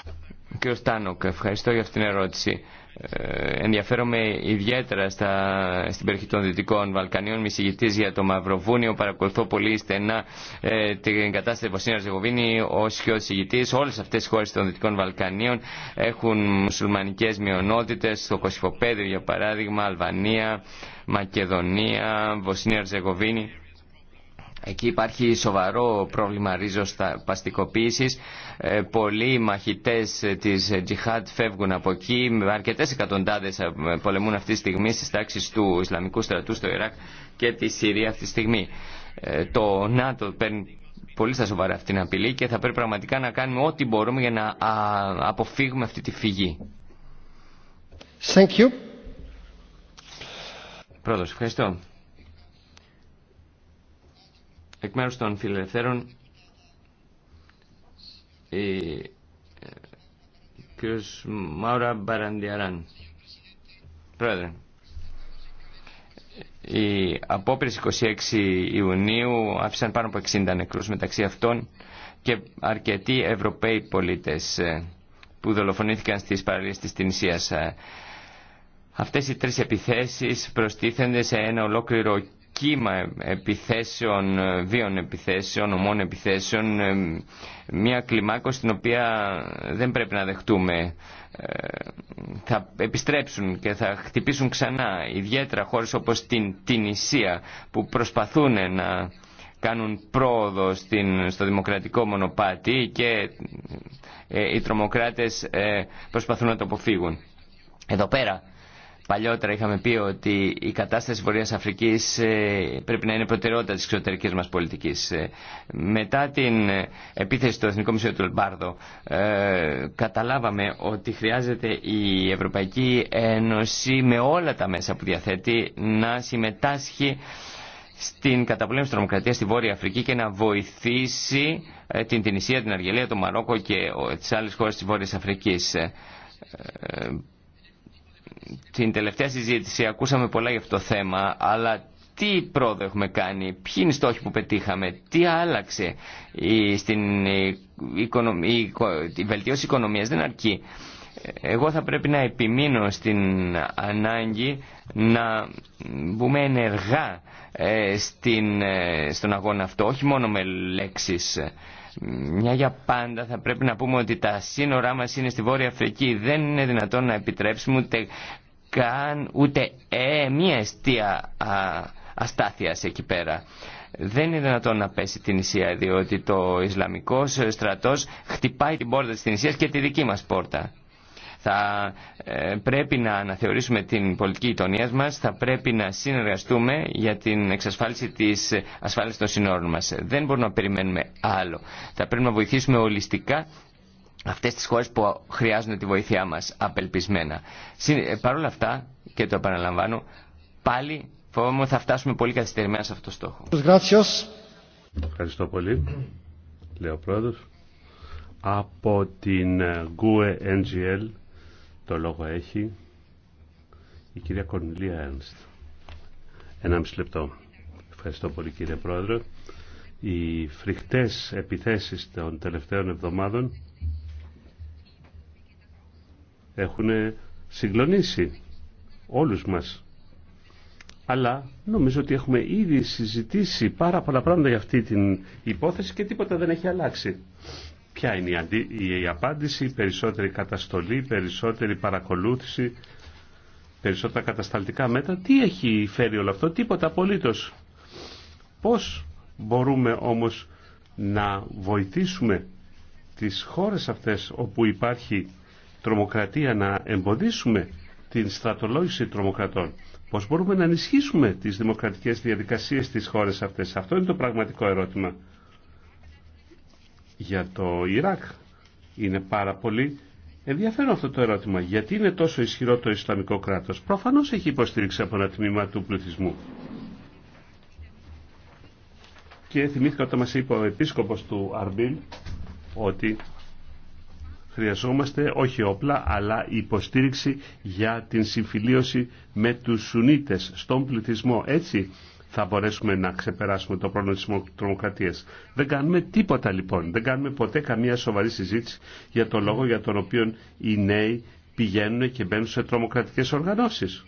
Κύριο Στάνοκ, ευχαριστώ για αυτήν την ερώτηση. Ε, ενδιαφέρομαι ιδιαίτερα στα, στην περιοχή των Δυτικών Βαλκανίων. Είμαι για το Μαυροβούνιο. Παρακολουθώ πολύ στενά ε, την κατάσταση τη Βοσνία Ζεγοβίνη ω και ο συγητή, Όλε αυτέ οι χώρε των Δυτικών Βαλκανίων έχουν μουσουλμανικέ μειονότητε. Στο Κωσυφοπέδιο, για παράδειγμα, Αλβανία, Μακεδονία, Βοσνία Ζεγοβίνη. Εκεί υπάρχει σοβαρό πρόβλημα παστικοποίησης. Ε, πολλοί μαχητές της Τζιχάτ φεύγουν από εκεί. Αρκετές εκατοντάδες ε, πολεμούν αυτή τη στιγμή στις τάξεις του Ισλαμικού στρατού στο Ιράκ και τη Συρία αυτή τη στιγμή. Ε, το ΝΑΤΟ παίρνει πολύ στα σοβαρά αυτή την απειλή και θα πρέπει πραγματικά να κάνουμε ό,τι μπορούμε για να αποφύγουμε αυτή τη φυγή. Thank you. Πρόεδρος, ευχαριστώ. Εκ μέρους των φιλελευθέρων, ε, κ. Μάουρα Μπαραντιαράν. Πρόεδρε, οι απόπειρες 26 Ιουνίου άφησαν πάνω από 60 νεκρούς μεταξύ αυτών και αρκετοί Ευρωπαίοι πολίτες ε, που δολοφονήθηκαν στις παραλίες της Τινησίας. Ε, αυτές οι τρεις επιθέσεις προστίθενται σε ένα ολόκληρο κύμα επιθέσεων, βίων επιθέσεων, ομών επιθέσεων, ε, μια κλιμάκωση την οποία δεν πρέπει να δεχτούμε. Ε, θα επιστρέψουν και θα χτυπήσουν ξανά, ιδιαίτερα χώρες όπως την, την που προσπαθούν να κάνουν πρόοδο στην, στο δημοκρατικό μονοπάτι και ε, οι τρομοκράτες προσπαθούν να το αποφύγουν. Εδώ πέρα Παλιότερα είχαμε πει ότι η κατάσταση της Βορειάς Αφρικής ε, πρέπει να είναι προτεραιότητα της εξωτερικής μας πολιτικής. Ε, μετά την ε, επίθεση του Εθνικού Μισό του Λμπάρδο καταλάβαμε ότι χρειάζεται η Ευρωπαϊκή Ένωση με όλα τα μέσα που διαθέτει να συμμετάσχει στην καταπολέμηση της τρομοκρατίας στη Βόρεια Αφρική και να βοηθήσει την Τινησία, την Αργελία, το Μαρόκο και τις άλλες χώρες της Βόρειας Αφρικής την τελευταία συζήτηση ακούσαμε πολλά για αυτό το θέμα, αλλά τι πρόοδο έχουμε κάνει, ποιοι είναι οι στόχοι που πετύχαμε, τι άλλαξε η, στην, η, η, βελτίωση οικονομίας δεν αρκεί. Εγώ θα πρέπει να επιμείνω στην ανάγκη να μπούμε ενεργά ε, στην, ε, στον αγώνα αυτό, όχι μόνο με λέξεις μια για πάντα θα πρέπει να πούμε ότι τα σύνορά μας είναι στη Βόρεια Αφρική. Δεν είναι δυνατόν να επιτρέψουμε ούτε καν ούτε ε, μια αιστεία α, αστάθειας εκεί πέρα. Δεν είναι δυνατόν να πέσει την Ισία διότι το Ισλαμικός στρατός χτυπάει την πόρτα της Ισίας και τη δική μας πόρτα. Θα ε, πρέπει να αναθεωρήσουμε την πολιτική γειτονία μα, θα πρέπει να συνεργαστούμε για την εξασφάλιση τη ασφάλεια των συνόρων μα. Δεν μπορούμε να περιμένουμε άλλο. Θα πρέπει να βοηθήσουμε ολιστικά αυτές τις χώρες που χρειάζονται τη βοήθειά μας απελπισμένα. Ε, παρ' όλα αυτά, και το επαναλαμβάνω, πάλι φοβάμαι ότι θα φτάσουμε πολύ καθυστερημένα σε αυτό το στόχο. Ευχαριστώ πολύ, Από την GUE ε, NGL το λόγο έχει η κυρία Κορνιλία Ένστ. Ένα μισή λεπτό. Ευχαριστώ πολύ κύριε Πρόεδρε. Οι φρικτές επιθέσεις των τελευταίων εβδομάδων έχουν συγκλονίσει όλους μας. Αλλά νομίζω ότι έχουμε ήδη συζητήσει πάρα πολλά πράγματα για αυτή την υπόθεση και τίποτα δεν έχει αλλάξει. Ποια είναι η, η απάντηση, περισσότερη καταστολή, περισσότερη παρακολούθηση, περισσότερα κατασταλτικά μέτρα. Τι έχει φέρει όλο αυτό, τίποτα απολύτως. Πώς μπορούμε όμως να βοηθήσουμε τις χώρες αυτές όπου υπάρχει τρομοκρατία να εμποδίσουμε την στρατολόγηση τρομοκρατών. Πώς μπορούμε να ενισχύσουμε τις δημοκρατικές διαδικασίες στις χώρες αυτές. Αυτό είναι το πραγματικό ερώτημα για το Ιράκ. Είναι πάρα πολύ ενδιαφέρον αυτό το ερώτημα. Γιατί είναι τόσο ισχυρό το Ισλαμικό κράτος. Προφανώς έχει υποστήριξη από ένα τμήμα του πληθυσμού. Και θυμήθηκα όταν μας είπε ο επίσκοπος του Αρμπίλ ότι χρειαζόμαστε όχι όπλα αλλά υποστήριξη για την συμφιλίωση με τους Σουνίτες στον πληθυσμό. Έτσι θα μπορέσουμε να ξεπεράσουμε το πρόβλημα της τρομοκρατίας. Δεν κάνουμε τίποτα λοιπόν, δεν κάνουμε ποτέ καμία σοβαρή συζήτηση για το λόγο για τον οποίο οι νέοι πηγαίνουν και μπαίνουν σε τρομοκρατικές οργανώσεις.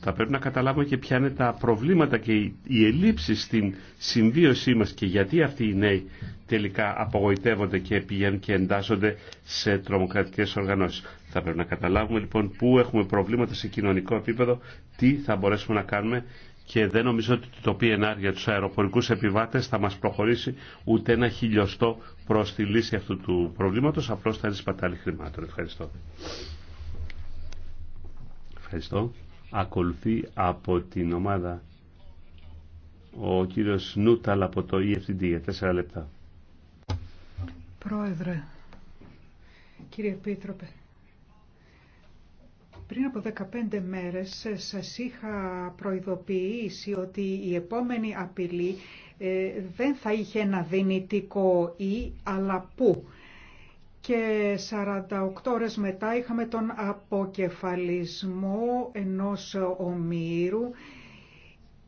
Θα πρέπει να καταλάβουμε και ποια είναι τα προβλήματα και οι ελλείψεις στην συμβίωσή μας και γιατί αυτοί οι νέοι τελικά απογοητεύονται και πηγαίνουν και εντάσσονται σε τρομοκρατικές οργανώσεις. Θα πρέπει να καταλάβουμε λοιπόν πού έχουμε προβλήματα σε κοινωνικό επίπεδο, τι θα μπορέσουμε να κάνουμε και δεν νομίζω ότι το PNR για τους αεροπορικούς επιβάτες θα μας προχωρήσει ούτε ένα χιλιοστό προς τη λύση αυτού του προβλήματος, απλώς θα είναι σπατάλη χρημάτων. Ευχαριστώ. Ευχαριστώ. Ακολουθεί από την ομάδα ο κύριος Νούταλ από το EFTD για τέσσερα λεπτά. Πρόεδρε, κύριε Επίτροπε, πριν από 15 μέρες σας είχα προειδοποιήσει ότι η επόμενη απειλή ε, δεν θα είχε ένα δυνητικό «ή» αλλά «που». Και 48 ώρες μετά είχαμε τον αποκεφαλισμό ενός ομήρου,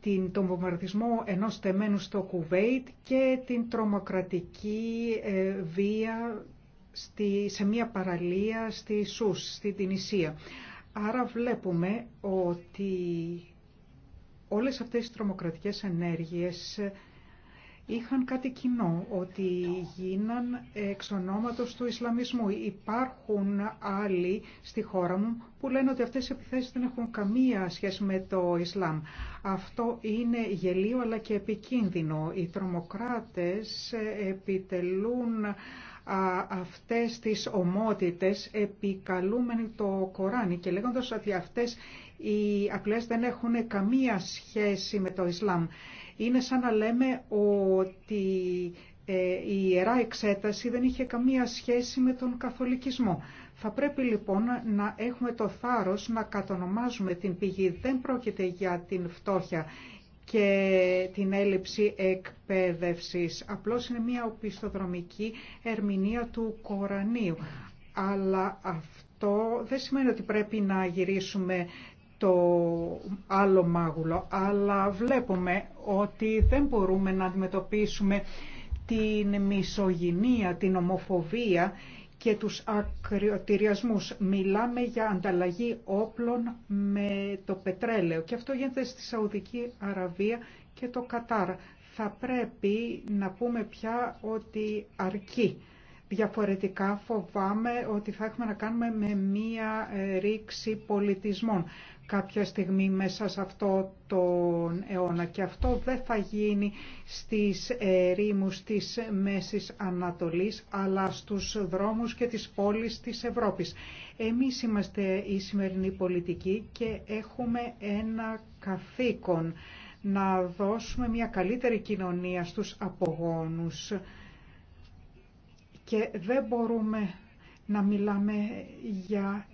την, τον βομβαρδισμό ενός τεμένου στο Κουβέιτ και την τρομοκρατική ε, βία στη, σε μια παραλία στη Σούς, στη Τινησία. Άρα βλέπουμε ότι όλες αυτές οι τρομοκρατικές ενέργειες είχαν κάτι κοινό, ότι γίναν εξ ονόματος του Ισλαμισμού. Υπάρχουν άλλοι στη χώρα μου που λένε ότι αυτές οι επιθέσεις δεν έχουν καμία σχέση με το Ισλάμ. Αυτό είναι γελίο αλλά και επικίνδυνο. Οι τρομοκράτες επιτελούν αυτές τις ομότητες επικαλούμενοι το Κοράνι και λέγοντας ότι αυτές οι απλές δεν έχουν καμία σχέση με το Ισλάμ. Είναι σαν να λέμε ότι ε, η Ιερά Εξέταση δεν είχε καμία σχέση με τον καθολικισμό. Θα πρέπει λοιπόν να έχουμε το θάρρος να κατονομάζουμε την πηγή. Δεν πρόκειται για την φτώχεια και την έλλειψη εκπαίδευσης. Απλώς είναι μια οπισθοδρομική ερμηνεία του Κορανίου. Αλλά αυτό δεν σημαίνει ότι πρέπει να γυρίσουμε το άλλο μάγουλο, αλλά βλέπουμε ότι δεν μπορούμε να αντιμετωπίσουμε την μισογυνία, την ομοφοβία και τους ακριοτηριασμούς. Μιλάμε για ανταλλαγή όπλων με το πετρέλαιο και αυτό γίνεται στη Σαουδική Αραβία και το Κατάρ. Θα πρέπει να πούμε πια ότι αρκεί. Διαφορετικά φοβάμαι ότι θα έχουμε να κάνουμε με μία ρήξη πολιτισμών κάποια στιγμή μέσα σε αυτό τον αιώνα και αυτό δεν θα γίνει στις ε, ρήμους της Μέσης Ανατολής αλλά στους δρόμους και τις πόλεις της Ευρώπης. Εμείς είμαστε η σημερινή πολιτική και έχουμε ένα καθήκον να δώσουμε μια καλύτερη κοινωνία στους απογόνους και δεν μπορούμε να μιλάμε για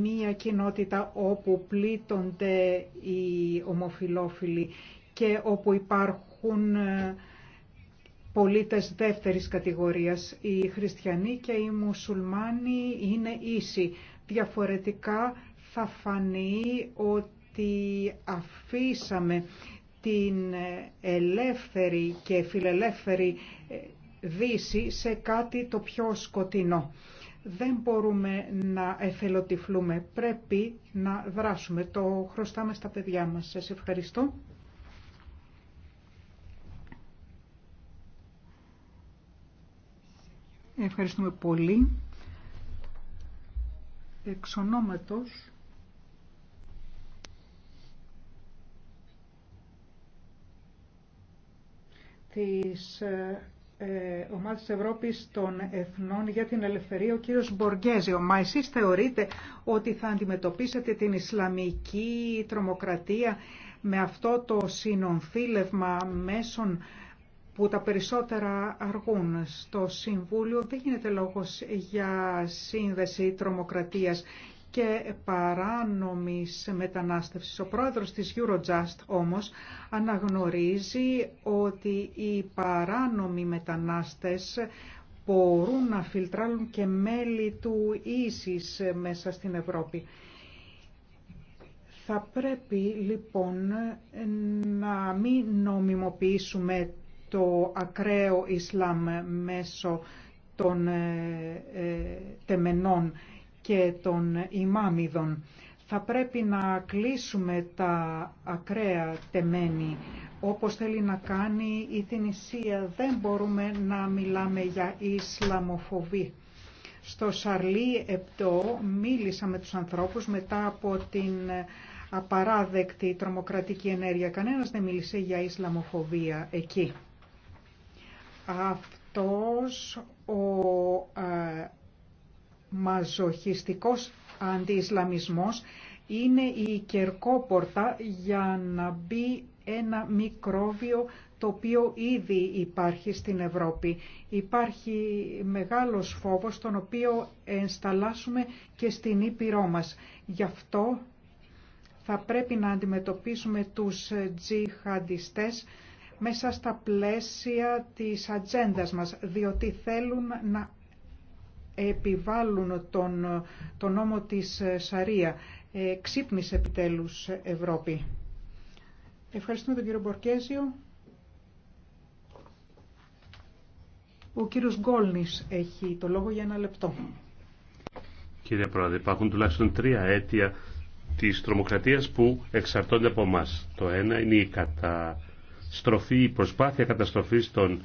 μία κοινότητα όπου πλήττονται οι ομοφιλόφιλοι και όπου υπάρχουν ε, πολίτες δεύτερης κατηγορίας. Οι χριστιανοί και οι μουσουλμάνοι είναι ίσοι. Διαφορετικά θα φανεί ότι αφήσαμε την ε, ελεύθερη και φιλελεύθερη ε, δύση σε κάτι το πιο σκοτεινό δεν μπορούμε να εθελοτυφλούμε. Πρέπει να δράσουμε. Το χρωστάμε στα παιδιά μας. Σας ευχαριστώ. Ευχαριστούμε πολύ. Εξ ονόματος της ε, ε, ομάδα της Ευρώπης των Εθνών για την Ελευθερία, ο κύριος Μποργέζιο. Μα εσείς θεωρείτε ότι θα αντιμετωπίσετε την Ισλαμική τρομοκρατία με αυτό το συνονθήλευμα μέσων που τα περισσότερα αργούν. Στο Συμβούλιο δεν γίνεται λόγος για σύνδεση τρομοκρατίας και παράνομης μετανάστευσης. Ο πρόεδρος της Eurojust όμως αναγνωρίζει ότι οι παράνομοι μετανάστες μπορούν να φιλτράλουν και μέλη του ίσης μέσα στην Ευρώπη. Θα πρέπει λοιπόν να μην νομιμοποιήσουμε το ακραίο Ισλάμ μέσω των ε, ε, τεμενών και των ημάμιδων. Θα πρέπει να κλείσουμε τα ακραία τεμένη, όπως θέλει να κάνει η Τινησία. Δεν μπορούμε να μιλάμε για Ισλαμοφοβή. Στο Σαρλί Επτό μίλησα με τους ανθρώπους μετά από την απαράδεκτη τρομοκρατική ενέργεια. Κανένας δεν μίλησε για Ισλαμοφοβία εκεί. Αυτός ο ε, μαζοχιστικός αντιισλαμισμός είναι η κερκόπορτα για να μπει ένα μικρόβιο το οποίο ήδη υπάρχει στην Ευρώπη. Υπάρχει μεγάλος φόβος τον οποίο ενσταλάσουμε και στην Ήπειρό μας. Γι' αυτό θα πρέπει να αντιμετωπίσουμε τους τζιχαντιστές μέσα στα πλαίσια της ατζέντα μας, διότι θέλουν να επιβάλλουν τον, τον νόμο της ε, Σαρία. Ε, ξύπνησε επιτέλους ε, Ευρώπη. Ευχαριστούμε τον κύριο Μπορκέζιο. Ο κύριος Γκόλνης έχει το λόγο για ένα λεπτό. Κύριε Πρόεδρε, υπάρχουν τουλάχιστον τρία αίτια της τρομοκρατίας που εξαρτώνται από εμά. Το ένα είναι η καταστροφή, η προσπάθεια καταστροφής των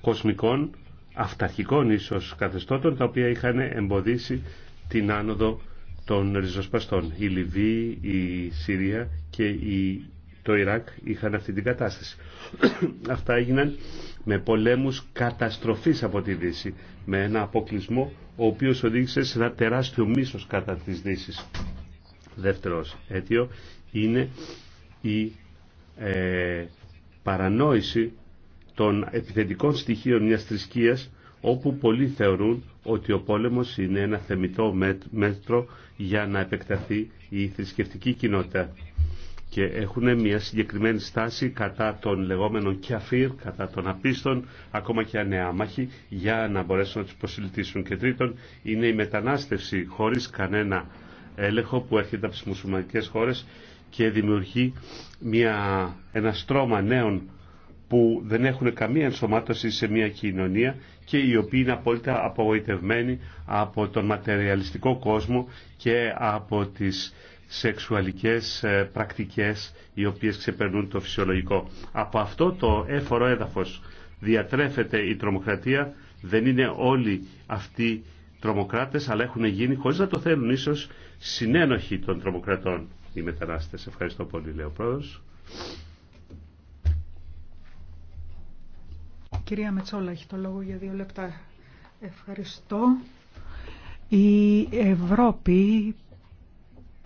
κοσμικών αυταρχικών ίσως καθεστώτων τα οποία είχαν εμποδίσει την άνοδο των ριζοσπαστών. Η Λιβύη, η Συρία και η... το Ιράκ είχαν αυτή την κατάσταση. Αυτά έγιναν με πολέμους καταστροφής από τη Δύση, με ένα αποκλεισμό ο οποίος οδήγησε σε ένα τεράστιο μίσος κατά της Δύσης. Δεύτερος αίτιο είναι η ε, παρανόηση των επιθετικών στοιχείων μιας θρησκείας όπου πολλοί θεωρούν ότι ο πόλεμος είναι ένα θεμητό μέτρο για να επεκταθεί η θρησκευτική κοινότητα και έχουν μια συγκεκριμένη στάση κατά των λεγόμενων κιαφίρ, κατά των απίστων, ακόμα και ανεάμαχοι, για να μπορέσουν να τους προσελκύσουν. Και τρίτον, είναι η μετανάστευση χωρίς κανένα έλεγχο που έρχεται από τις μουσουλμανικές χώρες και δημιουργεί μια, ένα στρώμα νέων που δεν έχουν καμία ενσωμάτωση σε μια κοινωνία και οι οποίοι είναι απόλυτα απογοητευμένοι από τον ματεριαλιστικό κόσμο και από τις σεξουαλικές ε, πρακτικές οι οποίες ξεπερνούν το φυσιολογικό. Από αυτό το έφορο έδαφος διατρέφεται η τρομοκρατία, δεν είναι όλοι αυτοί τρομοκράτες, αλλά έχουν γίνει χωρίς να το θέλουν ίσως συνένοχοι των τρομοκρατών οι μετανάστες. Ευχαριστώ πολύ, λέει Κυρία Μετσόλα, έχει το λόγο για δύο λεπτά. Ευχαριστώ. Η Ευρώπη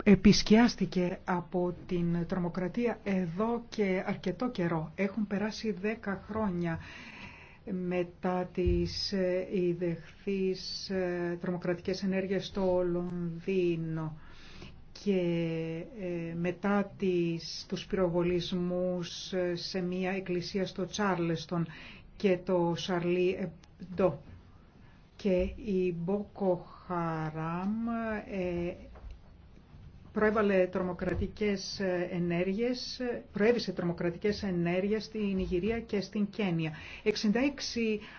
επισκιάστηκε από την τρομοκρατία εδώ και αρκετό καιρό. Έχουν περάσει δέκα χρόνια μετά τις ιδεχθείς ε, τρομοκρατικές ενέργειες στο Λονδίνο και ε, μετά τις, τους πυροβολισμούς ε, σε μια εκκλησία στο Τσάρλεστον και το Σαρλί Εμπντό. Και η Μπόκο Χαράμ ε, προέβαλε τρομοκρατικές ε, ενέργειες, προέβησε τρομοκρατικές ενέργειες στην Ιγυρία και στην Κένια. 66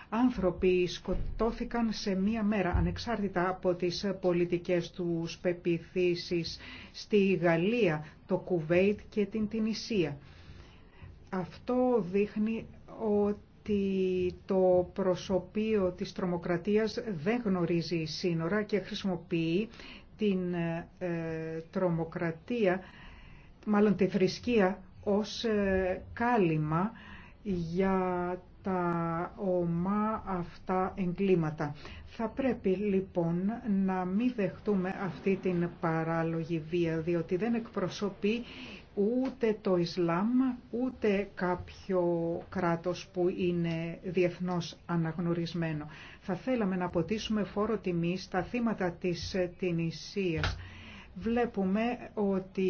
άνθρωποι σκοτώθηκαν σε μία μέρα, ανεξάρτητα από τις πολιτικές τους πεπιθήσεις στη Γαλλία, το Κουβέιτ και την Τινησία. Αυτό δείχνει ότι το προσωπείο της τρομοκρατίας δεν γνωρίζει σύνορα και χρησιμοποιεί την ε, τρομοκρατία, μάλλον τη θρησκεία, ως ε, κάλυμα για τα ομά αυτά εγκλήματα. Θα πρέπει λοιπόν να μην δεχτούμε αυτή την παράλογη βία, διότι δεν εκπροσωπεί ούτε το Ισλάμ, ούτε κάποιο κράτος που είναι διεθνώς αναγνωρισμένο. Θα θέλαμε να ποτίσουμε φόρο τιμή στα θύματα της Τινησίας. Βλέπουμε ότι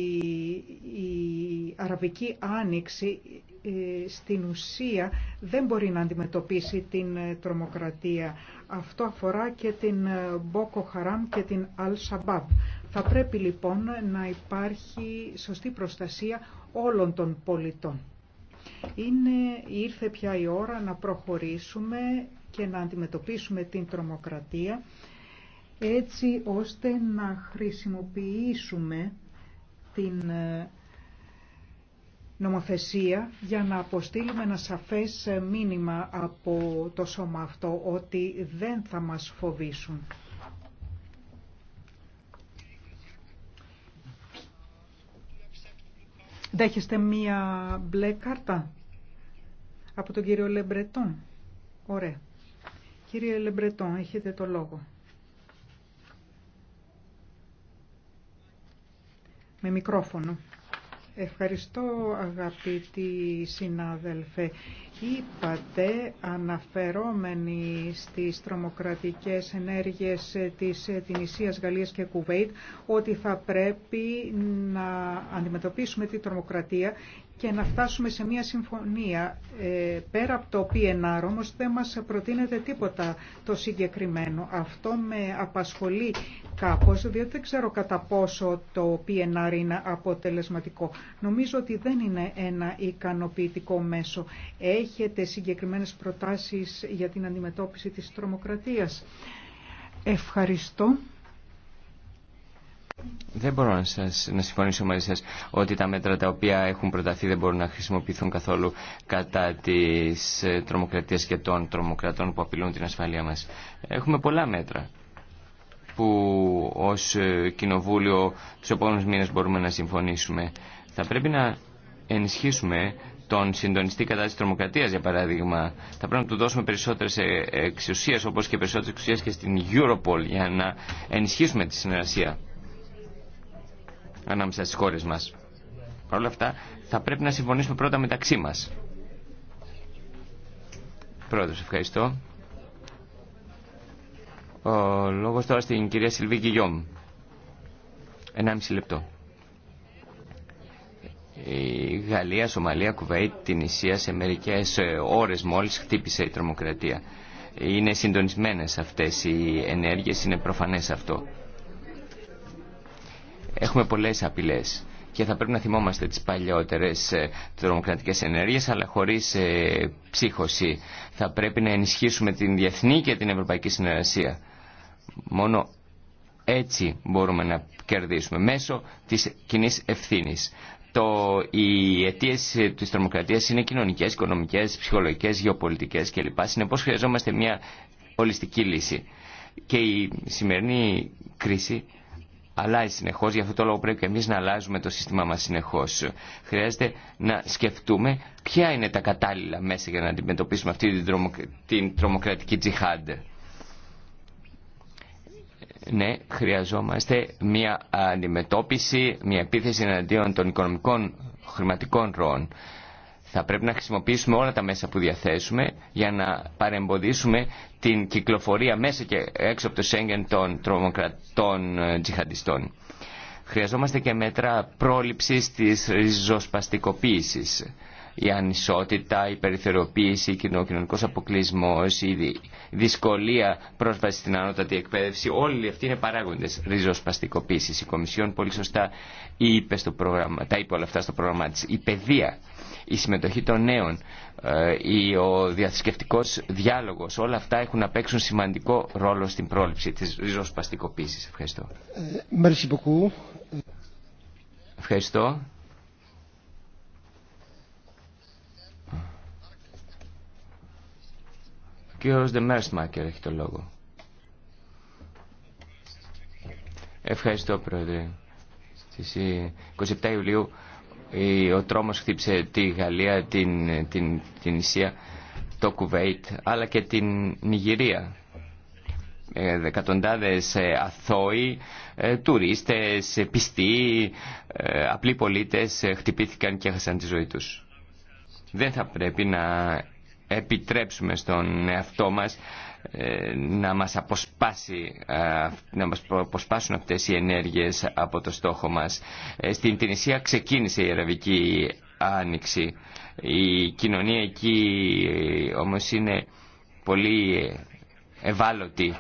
η Αραβική Άνοιξη ε, στην ουσία δεν μπορεί να αντιμετωπίσει την τρομοκρατία. Αυτό αφορά και την Μπόκο Χαράμ και την Αλ Σαμπάμπ. Θα πρέπει λοιπόν να υπάρχει σωστή προστασία όλων των πολιτών. Είναι, ήρθε πια η ώρα να προχωρήσουμε και να αντιμετωπίσουμε την τρομοκρατία έτσι ώστε να χρησιμοποιήσουμε την ε, νομοθεσία για να αποστείλουμε ένα σαφές ε, μήνυμα από το σώμα αυτό ότι δεν θα μας φοβήσουν. Δέχεστε μία μπλε κάρτα από τον κύριο Λεμπρετών. Ωραία. Κύριε Λεμπρετόν, έχετε το λόγο. Με μικρόφωνο. Ευχαριστώ αγαπητοί συνάδελφε είπατε αναφερόμενοι στις τρομοκρατικές ενέργειες της Τινησίας, Γαλλίας και Κουβέιτ ότι θα πρέπει να αντιμετωπίσουμε τη τρομοκρατία και να φτάσουμε σε μια συμφωνία. Ε, πέρα από το PNR όμως δεν μας προτείνεται τίποτα το συγκεκριμένο. Αυτό με απασχολεί κάπως, διότι δεν ξέρω κατά πόσο το PNR είναι αποτελεσματικό. Νομίζω ότι δεν είναι ένα ικανοποιητικό μέσο. Έχει έχετε συγκεκριμένες προτάσεις για την αντιμετώπιση της τρομοκρατίας. Ευχαριστώ. Δεν μπορώ να, σας, να συμφωνήσω μαζί σας ότι τα μέτρα τα οποία έχουν προταθεί δεν μπορούν να χρησιμοποιηθούν καθόλου κατά της ε, τρομοκρατίας και των τρομοκρατών που απειλούν την ασφαλεία μας. Έχουμε πολλά μέτρα που ως ε, Κοινοβούλιο του επόμενους μήνες μπορούμε να συμφωνήσουμε. Θα πρέπει να ενισχύσουμε τον συντονιστή κατά τη τρομοκρατία, για παράδειγμα. Θα πρέπει να του δώσουμε περισσότερε ε, εξουσίες, όπω και περισσότερες εξουσίες και στην Europol, για να ενισχύσουμε τη συνεργασία ανάμεσα στι χώρε μα. Παρ' όλα αυτά, θα πρέπει να συμφωνήσουμε πρώτα μεταξύ μα. Πρόεδρος, ευχαριστώ. Ο λόγος τώρα στην κυρία Σιλβίκη Γιώμ. μισή λεπτό. Η Γαλλία, Σομαλία, Κουβέιτ, την Ισία σε μερικές ε, ώρες μόλις χτύπησε η τρομοκρατία. Είναι συντονισμένες αυτές οι ενέργειες, είναι προφανές αυτό. Έχουμε πολλές απειλές και θα πρέπει να θυμόμαστε τις παλιότερες ε, τρομοκρατικές ενέργειες αλλά χωρίς ε, ψύχωση. Θα πρέπει να ενισχύσουμε την διεθνή και την ευρωπαϊκή συνεργασία. Μόνο έτσι μπορούμε να κερδίσουμε μέσω της κοινής ευθύνης το, οι αιτίε τη τρομοκρατία είναι κοινωνικέ, οικονομικέ, ψυχολογικέ, γεωπολιτικέ κλπ. Συνεπώ χρειαζόμαστε μια ολιστική λύση. Και η σημερινή κρίση αλλάζει συνεχώ, γι' αυτό το λόγο πρέπει και εμεί να αλλάζουμε το σύστημά μα συνεχώ. Χρειάζεται να σκεφτούμε ποια είναι τα κατάλληλα μέσα για να αντιμετωπίσουμε αυτή την τρομοκρατική τζιχάντε. Ναι, χρειαζόμαστε μια αντιμετώπιση, μια επίθεση εναντίον των οικονομικών χρηματικών ροών. Θα πρέπει να χρησιμοποιήσουμε όλα τα μέσα που διαθέσουμε για να παρεμποδίσουμε την κυκλοφορία μέσα και έξω από το Σέγγεν των τρομοκρατών ε, τζιχαντιστών. Χρειαζόμαστε και μέτρα πρόληψης της ριζοσπαστικοποίησης η ανισότητα, η περιθωριοποίηση, ο κοινωνικό αποκλεισμό, η δυσκολία πρόσβαση στην ανώτατη εκπαίδευση, όλοι αυτοί είναι παράγοντε ριζοσπαστικοποίηση. Η Κομισιόν πολύ σωστά είπε στο πρόγραμμα, τα είπε όλα αυτά στο πρόγραμμά τη. Η παιδεία, η συμμετοχή των νέων, ε, ο διαθρησκευτικό διάλογο, όλα αυτά έχουν να παίξουν σημαντικό ρόλο στην πρόληψη τη ριζοσπαστικοποίηση. Ευχαριστώ. Ε, Ευχαριστώ. κύριος Δεμέρσμακερ έχει το λόγο. Ευχαριστώ, Πρόεδρε. Στις 27 ε, Ιουλίου ε, ο τρόμος χτύψε τη Γαλλία, την, την, την Ισία, το Κουβέιτ, αλλά και την Νιγηρία. ε, ε αθώοι, τουρίστες, πιστοί, απλοί πολίτες χτυπήθηκαν και έχασαν τη ζωή τους. Δεν θα πρέπει να επιτρέψουμε στον εαυτό μας ε, να μας, αποσπάσει, ε, να μας αποσπάσουν αυτές οι ενέργειες από το στόχο μας. Ε, στην Τινησία ξεκίνησε η Αραβική Άνοιξη. Η κοινωνία εκεί όμως είναι πολύ ευάλωτη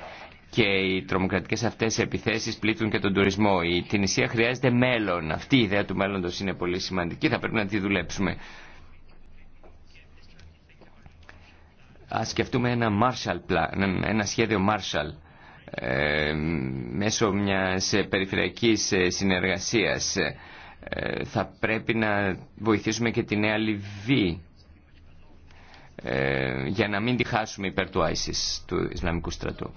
και οι τρομοκρατικές αυτές επιθέσεις πλήττουν και τον τουρισμό. Η Τινησία χρειάζεται μέλλον. Αυτή η ιδέα του μέλλοντος είναι πολύ σημαντική. Θα πρέπει να τη δουλέψουμε. Ας σκεφτούμε ένα, Marshall Plan, ένα σχέδιο Marshall ε, μέσω μιας περιφερειακής ε, συνεργασίας. Ε, θα πρέπει να βοηθήσουμε και τη Νέα Λιβύη ε, για να μην τη χάσουμε υπέρ του ISIS, του Ισλαμικού στρατού.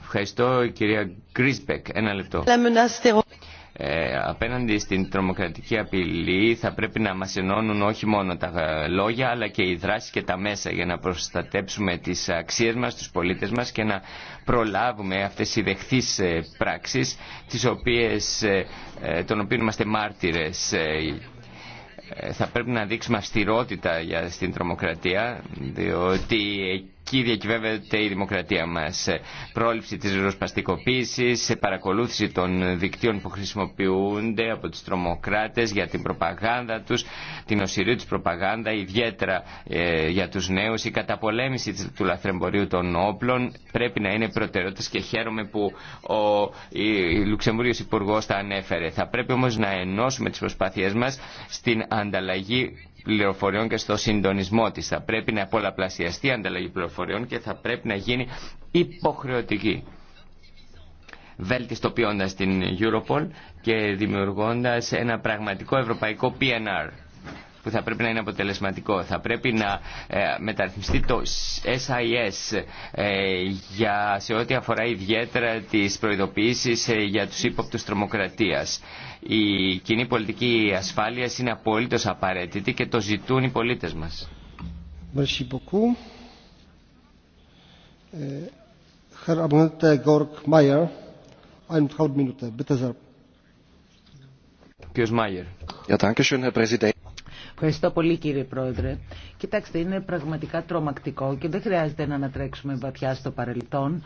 Ευχαριστώ κυρία Γκρίσμπεκ. Ένα λεπτό. Ε, απέναντι στην τρομοκρατική απειλή θα πρέπει να μας ενώνουν όχι μόνο τα ε, λόγια αλλά και οι δράσεις και τα μέσα για να προστατέψουμε τις αξίες μας, τους πολίτες μας και να προλάβουμε αυτές οι δεχθείς ε, πράξεις τις οποίες, των οποίων είμαστε μάρτυρες θα πρέπει να δείξουμε αυστηρότητα για στην τρομοκρατία διότι εκεί διακυβεύεται η δημοκρατία μας. Πρόληψη της ροσπαστικοποίησης, παρακολούθηση των δικτύων που χρησιμοποιούνται από τους τρομοκράτε για την προπαγάνδα τους, την οσυρή του προπαγάνδα, ιδιαίτερα ε, για τους νέου Η καταπολέμηση του λαθρεμπορίου των όπλων πρέπει να είναι προτεραιότητα και χαίρομαι που ο Λουξεμβούριο Υπουργό τα ανέφερε. Θα πρέπει όμω να ενώσουμε τι προσπάθειές μα στην ανταλλαγή πληροφοριών και στο συντονισμό της. Θα πρέπει να πολλαπλασιαστεί η ανταλλαγή πληροφοριών και θα πρέπει να γίνει υποχρεωτική βέλτιστοποιώντας την Europol και δημιουργώντας ένα πραγματικό ευρωπαϊκό PNR που θα πρέπει να είναι αποτελεσματικό. Θα πρέπει να ε, μεταρρυθμιστεί το SIS ε, για, σε ό,τι αφορά ιδιαίτερα τις προειδοποιήσεις ε, για τους ύποπτους τρομοκρατίας. Η κοινή πολιτική ασφάλειας είναι απόλυτος απαραίτητη και το ζητούν οι πολίτες μας. Μάιερ. Ευχαριστώ πολύ κύριε Πρόεδρε. Κοιτάξτε, είναι πραγματικά τρομακτικό και δεν χρειάζεται να ανατρέξουμε βαθιά στο παρελθόν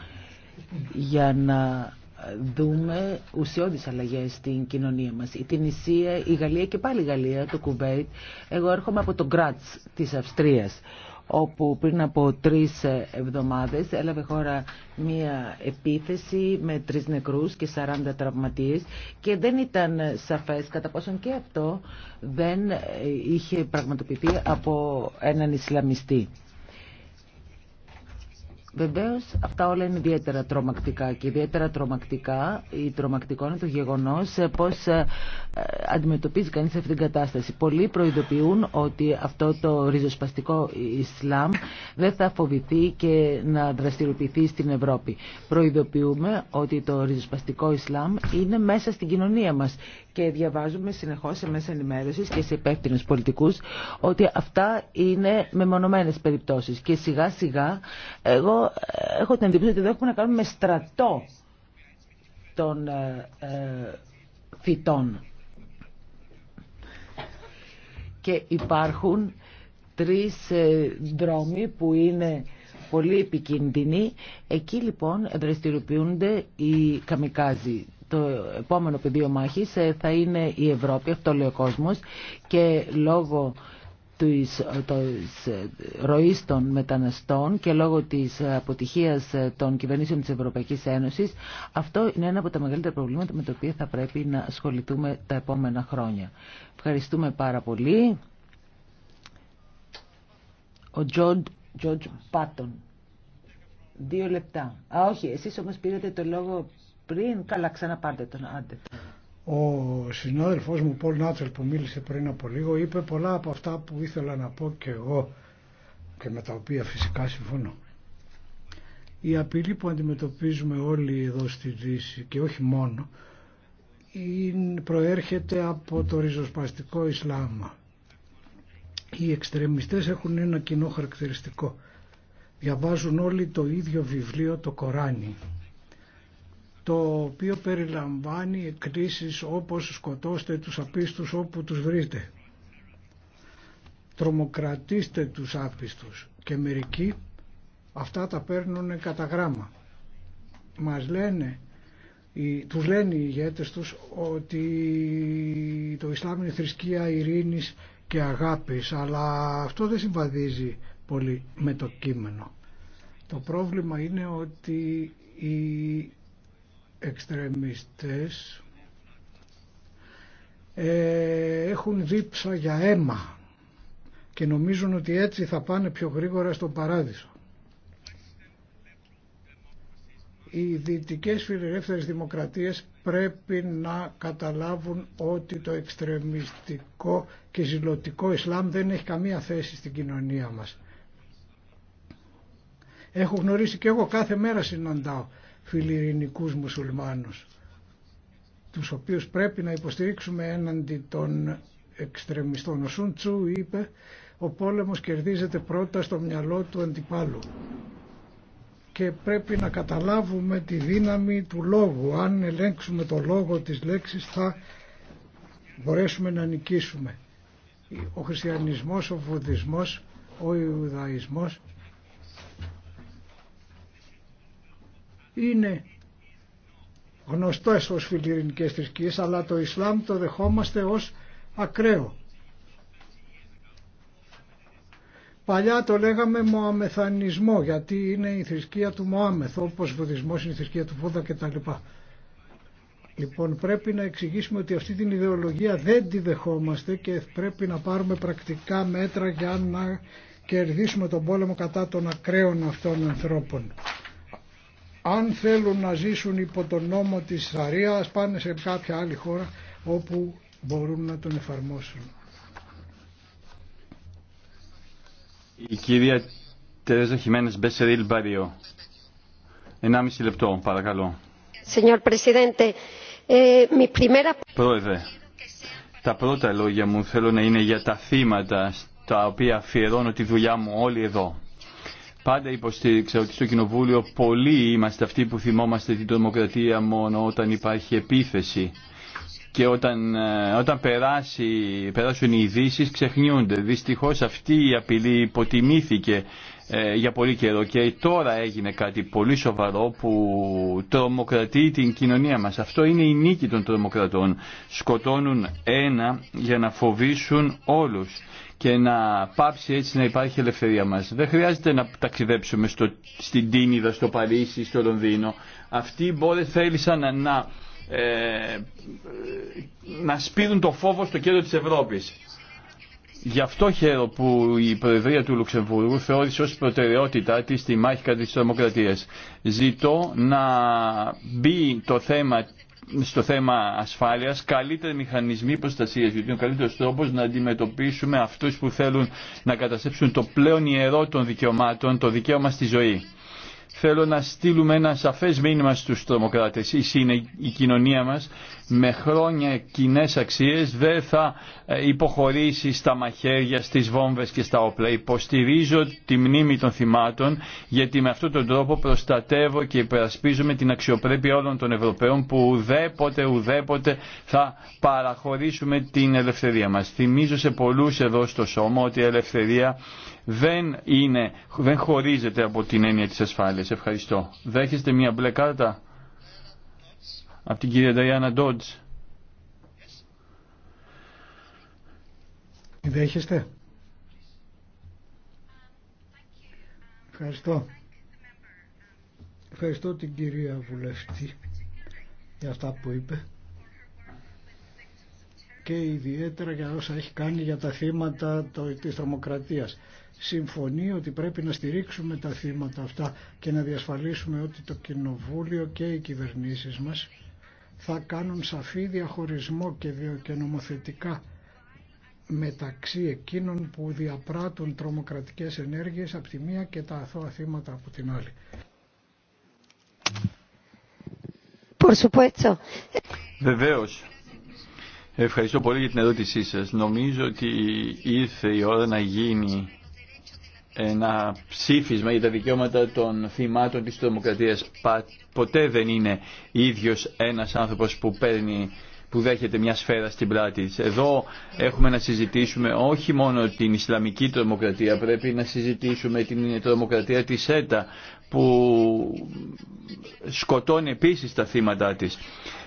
για να δούμε ουσιώδεις αλλαγές στην κοινωνία μας. Η Τινησία, η Γαλλία και πάλι η Γαλλία, το Κουβέιτ. Εγώ έρχομαι από το Γκράτς της Αυστρίας όπου πριν από τρεις εβδομάδες έλαβε χώρα μία επίθεση με τρεις νεκρούς και 40 τραυματίες και δεν ήταν σαφές κατά πόσον και αυτό δεν είχε πραγματοποιηθεί από έναν Ισλαμιστή. Βεβαίω, αυτά όλα είναι ιδιαίτερα τρομακτικά και ιδιαίτερα τρομακτικά ή τρομακτικό είναι το γεγονό ε, πώ ε, ε, αντιμετωπίζει κανεί αυτή την κατάσταση. Πολλοί προειδοποιούν ότι αυτό το ριζοσπαστικό Ισλάμ δεν θα φοβηθεί και να δραστηριοποιηθεί στην Ευρώπη. Προειδοποιούμε ότι το ριζοσπαστικό Ισλάμ είναι μέσα στην κοινωνία μα και διαβάζουμε συνεχώ σε μέσα ενημέρωση και σε υπεύθυνου πολιτικού ότι αυτά είναι μεμονωμένε περιπτώσει και σιγά σιγά εγώ έχω την εντύπωση ότι εδώ έχουμε να κάνουμε με στρατό των ε, ε, φυτών. Και υπάρχουν τρεις ε, δρόμοι που είναι πολύ επικίνδυνοι. Εκεί λοιπόν δραστηριοποιούνται οι καμικάζοι. Το επόμενο πεδίο μάχης θα είναι η Ευρώπη, αυτό λέει ο κόσμος, και λόγω της, της ε, ροής των μεταναστών και λόγω της αποτυχίας ε, των κυβερνήσεων της Ευρωπαϊκής Ένωσης αυτό είναι ένα από τα μεγαλύτερα προβλήματα με τα οποία θα πρέπει να ασχοληθούμε τα επόμενα χρόνια. Ευχαριστούμε πάρα πολύ. Ο Τζοντ Πάτον. Δύο λεπτά. Α, όχι, εσείς όμως πήρατε το λόγο πριν. Καλά, ξαναπάρτε τον άντε. Ο συνάδελφός μου Πολ Νάτσελ που μίλησε πριν από λίγο είπε πολλά από αυτά που ήθελα να πω και εγώ και με τα οποία φυσικά συμφωνώ. Η απειλή που αντιμετωπίζουμε όλοι εδώ στη Δύση και όχι μόνο προέρχεται από το ριζοσπαστικό Ισλάμ. Οι εξτρεμιστές έχουν ένα κοινό χαρακτηριστικό. Διαβάζουν όλοι το ίδιο βιβλίο, το Κοράνι το οποίο περιλαμβάνει εκκλήσεις όπως σκοτώστε τους απίστους όπου τους βρείτε. Τρομοκρατήστε τους άπιστους και μερικοί αυτά τα παίρνουν κατά γράμμα. Μας λένε, τους λένε οι ηγέτες τους ότι το Ισλάμ είναι θρησκεία ειρήνης και αγάπης, αλλά αυτό δεν συμβαδίζει πολύ με το κείμενο. Το πρόβλημα είναι ότι η εξτρεμιστές ε, έχουν δίψα για αίμα και νομίζουν ότι έτσι θα πάνε πιο γρήγορα στον παράδεισο. Οι δυτικές φιλελεύθερες δημοκρατίες πρέπει να καταλάβουν ότι το εξτρεμιστικό και ζηλωτικό Ισλάμ δεν έχει καμία θέση στην κοινωνία μας. Έχω γνωρίσει και εγώ κάθε μέρα συναντάω φιλιρινικούς μουσουλμάνους τους οποίους πρέπει να υποστηρίξουμε έναντι των εξτρεμιστών. Ο Σούντσου είπε ο πόλεμος κερδίζεται πρώτα στο μυαλό του αντιπάλου και πρέπει να καταλάβουμε τη δύναμη του λόγου. Αν ελέγξουμε το λόγο της λέξης θα μπορέσουμε να νικήσουμε. Ο χριστιανισμός, ο βουδισμός, ο Ιουδαϊσμός είναι γνωστές ως φιλιρινικές θρησκείες αλλά το Ισλάμ το δεχόμαστε ως ακραίο. Παλιά το λέγαμε Μωαμεθανισμό γιατί είναι η θρησκεία του Μωάμεθ όπως ο Βουδισμός είναι η θρησκεία του Βούδα κτλ. Λοιπόν πρέπει να εξηγήσουμε ότι αυτή την ιδεολογία δεν τη δεχόμαστε και πρέπει να πάρουμε πρακτικά μέτρα για να κερδίσουμε τον πόλεμο κατά των ακραίων αυτών ανθρώπων αν θέλουν να ζήσουν υπό τον νόμο της Σαρίας πάνε σε κάποια άλλη χώρα όπου μπορούν να τον εφαρμόσουν. Η κυρία Τερέζα Χιμένες Μπεσερίλ Μπαριό. μισή λεπτό, παρακαλώ. Ε, Πρόεδρε, τα πρώτα λόγια μου θέλω να είναι για τα θύματα στα οποία αφιερώνω τη δουλειά μου όλοι εδώ. Πάντα υποστήριξα ότι στο Κοινοβούλιο πολλοί είμαστε αυτοί που θυμόμαστε την τρομοκρατία μόνο όταν υπάρχει επίθεση. Και όταν, ε, όταν περάσει, περάσουν οι ειδήσει ξεχνιούνται. Δυστυχώ αυτή η απειλή υποτιμήθηκε ε, για πολύ καιρό και τώρα έγινε κάτι πολύ σοβαρό που τρομοκρατεί την κοινωνία μας. Αυτό είναι η νίκη των τρομοκρατών. Σκοτώνουν ένα για να φοβήσουν όλους και να πάψει έτσι να υπάρχει ελευθερία μας. Δεν χρειάζεται να ταξιδέψουμε στο, στην Τίνιδα, στο Παρίσι, στο Λονδίνο. Αυτοί μπορεί θέλησαν να, ε, να σπείρουν το φόβο στο κέντρο της Ευρώπης. Γι' αυτό χαίρο που η Προεδρία του Λουξεμβούργου θεώρησε ως προτεραιότητά της τη μάχη κατά της δημοκρατίας. Ζητώ να μπει το θέμα στο θέμα ασφάλειας καλύτεροι μηχανισμοί προστασία γιατί είναι ο καλύτερος τρόπος να αντιμετωπίσουμε αυτού που θέλουν να καταστρέψουν το πλέον ιερό των δικαιωμάτων, το δικαίωμα στη ζωή. Θέλω να στείλουμε ένα σαφές μήνυμα στους τρομοκράτες. η κοινωνία μας με χρόνια κοινέ αξίες δεν θα ε, υποχωρήσει στα μαχαίρια, στις βόμβες και στα όπλα. Υποστηρίζω τη μνήμη των θυμάτων γιατί με αυτόν τον τρόπο προστατεύω και υπερασπίζομαι την αξιοπρέπεια όλων των Ευρωπαίων που ουδέποτε, ουδέποτε θα παραχωρήσουμε την ελευθερία μας. Θυμίζω σε πολλούς εδώ στο σώμα ότι η ελευθερία δεν, είναι, δεν χωρίζεται από την έννοια της ασφάλειας. Ευχαριστώ. Δέχεστε μια μπλε κάρτα από την κυρία Νταϊάννα Ντότζ. Δέχεστε. Ευχαριστώ. Ευχαριστώ την κυρία Βουλευτή για αυτά που είπε και ιδιαίτερα για όσα έχει κάνει για τα θύματα της τρομοκρατίας συμφωνεί ότι πρέπει να στηρίξουμε τα θύματα αυτά και να διασφαλίσουμε ότι το Κοινοβούλιο και οι κυβερνήσεις μας θα κάνουν σαφή διαχωρισμό και νομοθετικά μεταξύ εκείνων που διαπράττουν τρομοκρατικές ενέργειες από τη μία και τα αθώα θύματα από την άλλη. Βεβαίως. Ευχαριστώ πολύ για την ερώτησή σας. Νομίζω ότι ήρθε η ώρα να γίνει ένα ψήφισμα για τα δικαιώματα των θυμάτων της δημοκρατίας ποτέ δεν είναι ίδιος ένας άνθρωπος που που δέχεται μια σφαίρα στην πλάτη της. Εδώ έχουμε να συζητήσουμε όχι μόνο την Ισλαμική τρομοκρατία, πρέπει να συζητήσουμε την τρομοκρατία της ΕΤΑ που σκοτώνει επίσης τα θύματα της.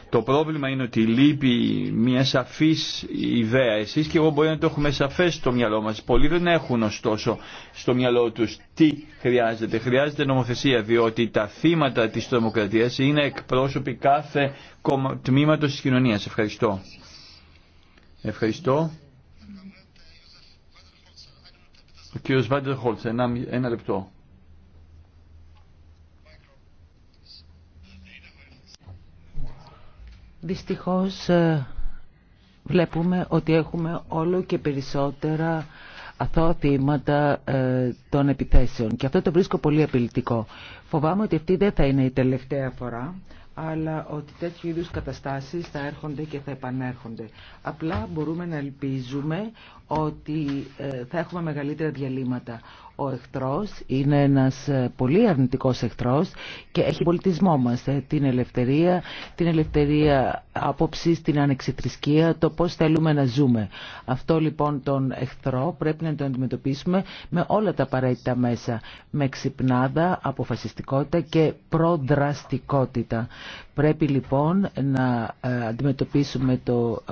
Το πρόβλημα είναι ότι λείπει μια σαφή ιδέα. Εσείς και εγώ μπορεί να το έχουμε σαφές στο μυαλό μας. Πολλοί δεν έχουν ωστόσο στο μυαλό τους τι χρειάζεται. Χρειάζεται νομοθεσία διότι τα θύματα της τρομοκρατία είναι εκπρόσωποι κάθε τμήματο τη κοινωνία. Ευχαριστώ. Ευχαριστώ. Ο κύριος Βάντερ Χόλτς, ένα, ένα λεπτό. Δυστυχώς ε, βλέπουμε ότι έχουμε όλο και περισσότερα αθώα θύματα ε, των επιθέσεων και αυτό το βρίσκω πολύ απειλητικό. Φοβάμαι ότι αυτή δεν θα είναι η τελευταία φορά αλλά ότι τέτοιου είδους καταστάσεις θα έρχονται και θα επανέρχονται. Απλά μπορούμε να ελπίζουμε ότι ε, θα έχουμε μεγαλύτερα διαλύματα. Ο εχθρός είναι ένας ε, πολύ αρνητικός εχθρός και έχει πολιτισμό μας, ε, την ελευθερία, την ελευθερία απόψή την ανεξιθρησκεία, το πώς θέλουμε να ζούμε. Αυτό λοιπόν τον εχθρό πρέπει να τον αντιμετωπίσουμε με όλα τα απαραίτητα μέσα, με ξυπνάδα, αποφασιστικότητα και προδραστικότητα. Πρέπει λοιπόν να ε, αντιμετωπίσουμε το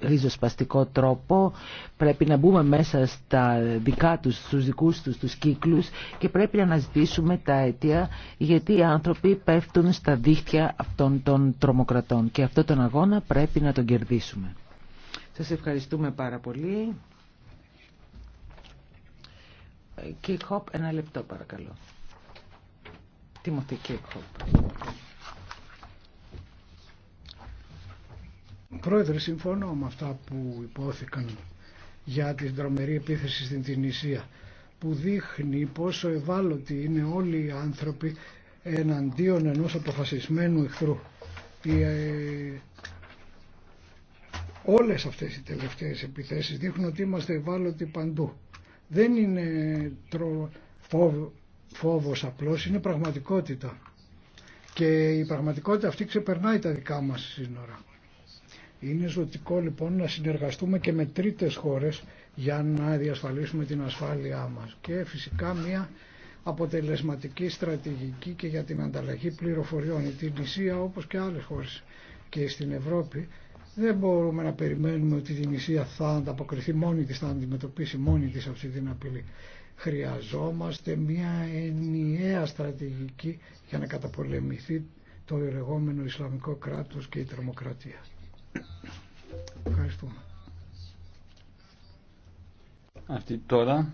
ριζοσπαστικό τρόπο, πρέπει να μπούμε μέσα στα δικά τους, στους δικούς τους τους κύκλους και πρέπει να αναζητήσουμε τα αιτία γιατί οι άνθρωποι πέφτουν στα δίχτυα αυτών των τρομοκρατών και αυτόν τον αγώνα πρέπει να τον κερδίσουμε. Σας ευχαριστούμε πάρα πολύ. Κίκ Χοπ, ένα λεπτό παρακαλώ. Τιμωθή Κίκ Χοπ. Πρόεδρε, συμφωνώ με αυτά που υπόθηκαν για την τρομερή επίθεση στην Τινησία που δείχνει πόσο ευάλωτοι είναι όλοι οι άνθρωποι εναντίον ενός αποφασισμένου εχθρού. ε, όλες αυτές οι τελευταίες επιθέσεις δείχνουν ότι είμαστε ευάλωτοι παντού. Δεν είναι τρο, φόβ, φόβος απλώς, είναι πραγματικότητα. Και η πραγματικότητα αυτή ξεπερνάει τα δικά μας σύνορα. Είναι ζωτικό λοιπόν να συνεργαστούμε και με τρίτες χώρες για να διασφαλίσουμε την ασφάλειά μας και φυσικά μια αποτελεσματική στρατηγική και για την ανταλλαγή πληροφοριών. Η Τινησία όπως και άλλες χώρες και στην Ευρώπη δεν μπορούμε να περιμένουμε ότι η Τινησία θα ανταποκριθεί μόνη της, θα αντιμετωπίσει μόνη της αυτή την απειλή. Χρειαζόμαστε μια ενιαία στρατηγική για να καταπολεμηθεί το λεγόμενο Ισλαμικό κράτος και η τρομοκρατία. Ευχαριστούμε. Αυτή τώρα.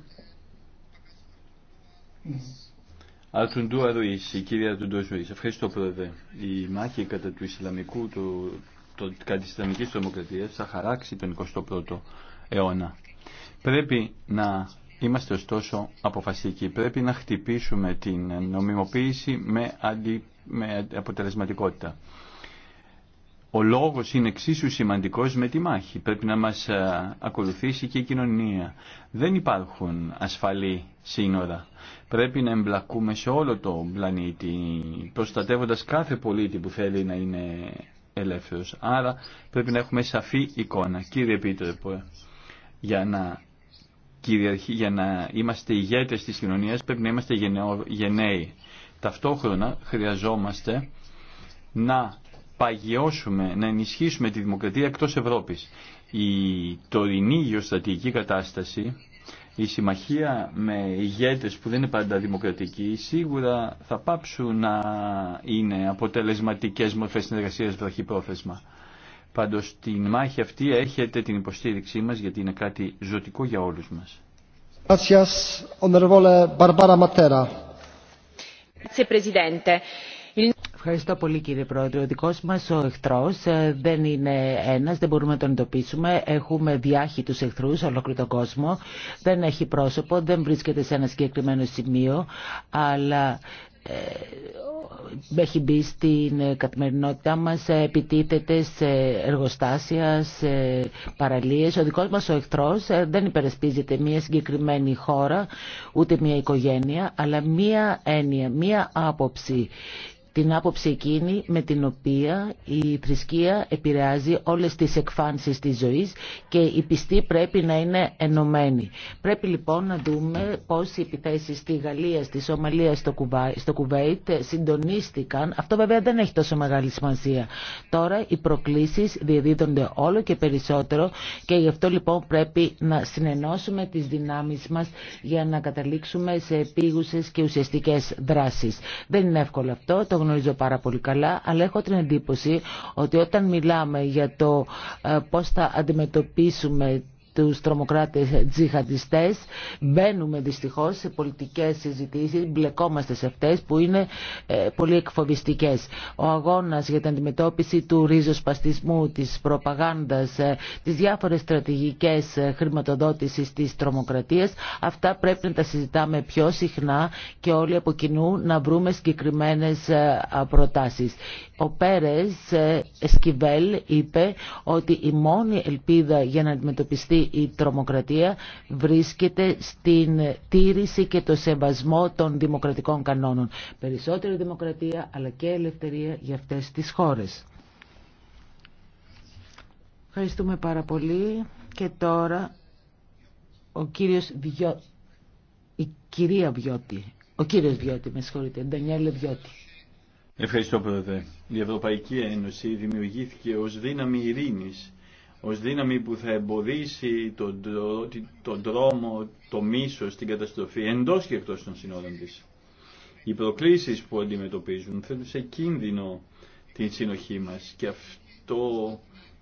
του Αρουής, η κυρία Ατουντού Αρουής. Ευχαριστώ πρόεδρε. Η μάχη κατά του Ισλαμικού, του, το, της Ισλαμικής δημοκρατίας θα χαράξει τον 21ο αιώνα. Πρέπει να είμαστε ωστόσο αποφασικοί. Πρέπει να χτυπήσουμε την νομιμοποίηση με, με αποτελεσματικότητα ο λόγος είναι εξίσου σημαντικός με τη μάχη. Πρέπει να μας ε, ακολουθήσει και η κοινωνία. Δεν υπάρχουν ασφαλή σύνορα. Πρέπει να εμπλακούμε σε όλο το πλανήτη, προστατεύοντας κάθε πολίτη που θέλει να είναι ελεύθερος. Άρα πρέπει να έχουμε σαφή εικόνα. Κύριε Επίτροπο, για να, για να είμαστε ηγέτες της κοινωνίας πρέπει να είμαστε γενναίοι. Ταυτόχρονα χρειαζόμαστε να παγιώσουμε, να ενισχύσουμε τη δημοκρατία εκτός Ευρώπης. Η τωρινή γεωστρατηγική κατάσταση, η συμμαχία με ηγέτες που δεν είναι πάντα δημοκρατικοί, σίγουρα θα πάψουν να είναι αποτελεσματικές μορφές συνεργασίας βραχυπρόθεσμα. Πάντως, τη μάχη αυτή έχετε την υποστήριξή μας γιατί είναι κάτι ζωτικό για όλους μας. Ευχαριστώ πολύ κύριε Πρόεδρε. Ο δικός μας ο εχθρός ε, δεν είναι ένας, δεν μπορούμε να τον εντοπίσουμε. Έχουμε τους εχθρούς ολόκληρο τον κόσμο. Δεν έχει πρόσωπο, δεν βρίσκεται σε ένα συγκεκριμένο σημείο, αλλά ε, έχει μπει στην καθημερινότητά μας, ε, επιτίθεται σε εργοστάσια, σε παραλίες. Ο δικός μας ο εχθρός δεν υπερασπίζεται μία συγκεκριμένη χώρα, ούτε μία οικογένεια, αλλά μία έννοια, μία άποψη την άποψη εκείνη με την οποία η θρησκεία επηρεάζει όλες τις εκφάνσεις της ζωής και η πιστή πρέπει να είναι ενωμένη. Πρέπει λοιπόν να δούμε πώς οι επιθέσεις στη Γαλλία, στη Σομαλία, στο, Κουβά, στο Κουβέιτ συντονίστηκαν. Αυτό βέβαια δεν έχει τόσο μεγάλη σημασία. Τώρα οι προκλήσεις διαδίδονται όλο και περισσότερο και γι' αυτό λοιπόν πρέπει να συνενώσουμε τις δυνάμεις μας για να καταλήξουμε σε επίγουσες και ουσιαστικές δράσεις. Δεν είναι εύκολο αυτό γνωρίζω πάρα πολύ καλά, αλλά έχω την εντύπωση ότι όταν μιλάμε για το ε, πώς θα αντιμετωπίσουμε τους τρομοκράτες τζιχαντιστές. Μπαίνουμε δυστυχώς σε πολιτικές συζητήσεις, μπλεκόμαστε σε αυτές που είναι ε, πολύ εκφοβιστικές. Ο αγώνας για την αντιμετώπιση του ρίζοσπαστισμού, της προπαγάνδας, ε, τις διάφορες στρατηγικές ε, χρηματοδότησης της τρομοκρατίας, αυτά πρέπει να τα συζητάμε πιο συχνά και όλοι από κοινού να βρούμε συγκεκριμένες προτάσεις. Ο Πέρες ε, Σκιβέλ είπε ότι η μόνη ελπίδα για να αντιμετωπιστεί η τρομοκρατία βρίσκεται στην τήρηση και το σεβασμό των δημοκρατικών κανόνων. Περισσότερη δημοκρατία αλλά και ελευθερία για αυτές τις χώρες. Ευχαριστούμε πάρα πολύ. Και τώρα ο κύριος Βιώτη, η κυρία Βιώτη. Ο κύριος Βιώτη, με συγχωρείτε, Ντανιέλε Βιώτη. Ευχαριστώ Πρόεδρε. Η Ευρωπαϊκή Ένωση δημιουργήθηκε ως δύναμη ειρήνης, ως δύναμη που θα εμποδίσει τον, τον δρόμο, το μίσο στην καταστροφή εντός και εκτός των συνόρων της. Οι προκλήσεις που αντιμετωπίζουν θέτουν σε κίνδυνο την συνοχή μας και αυτό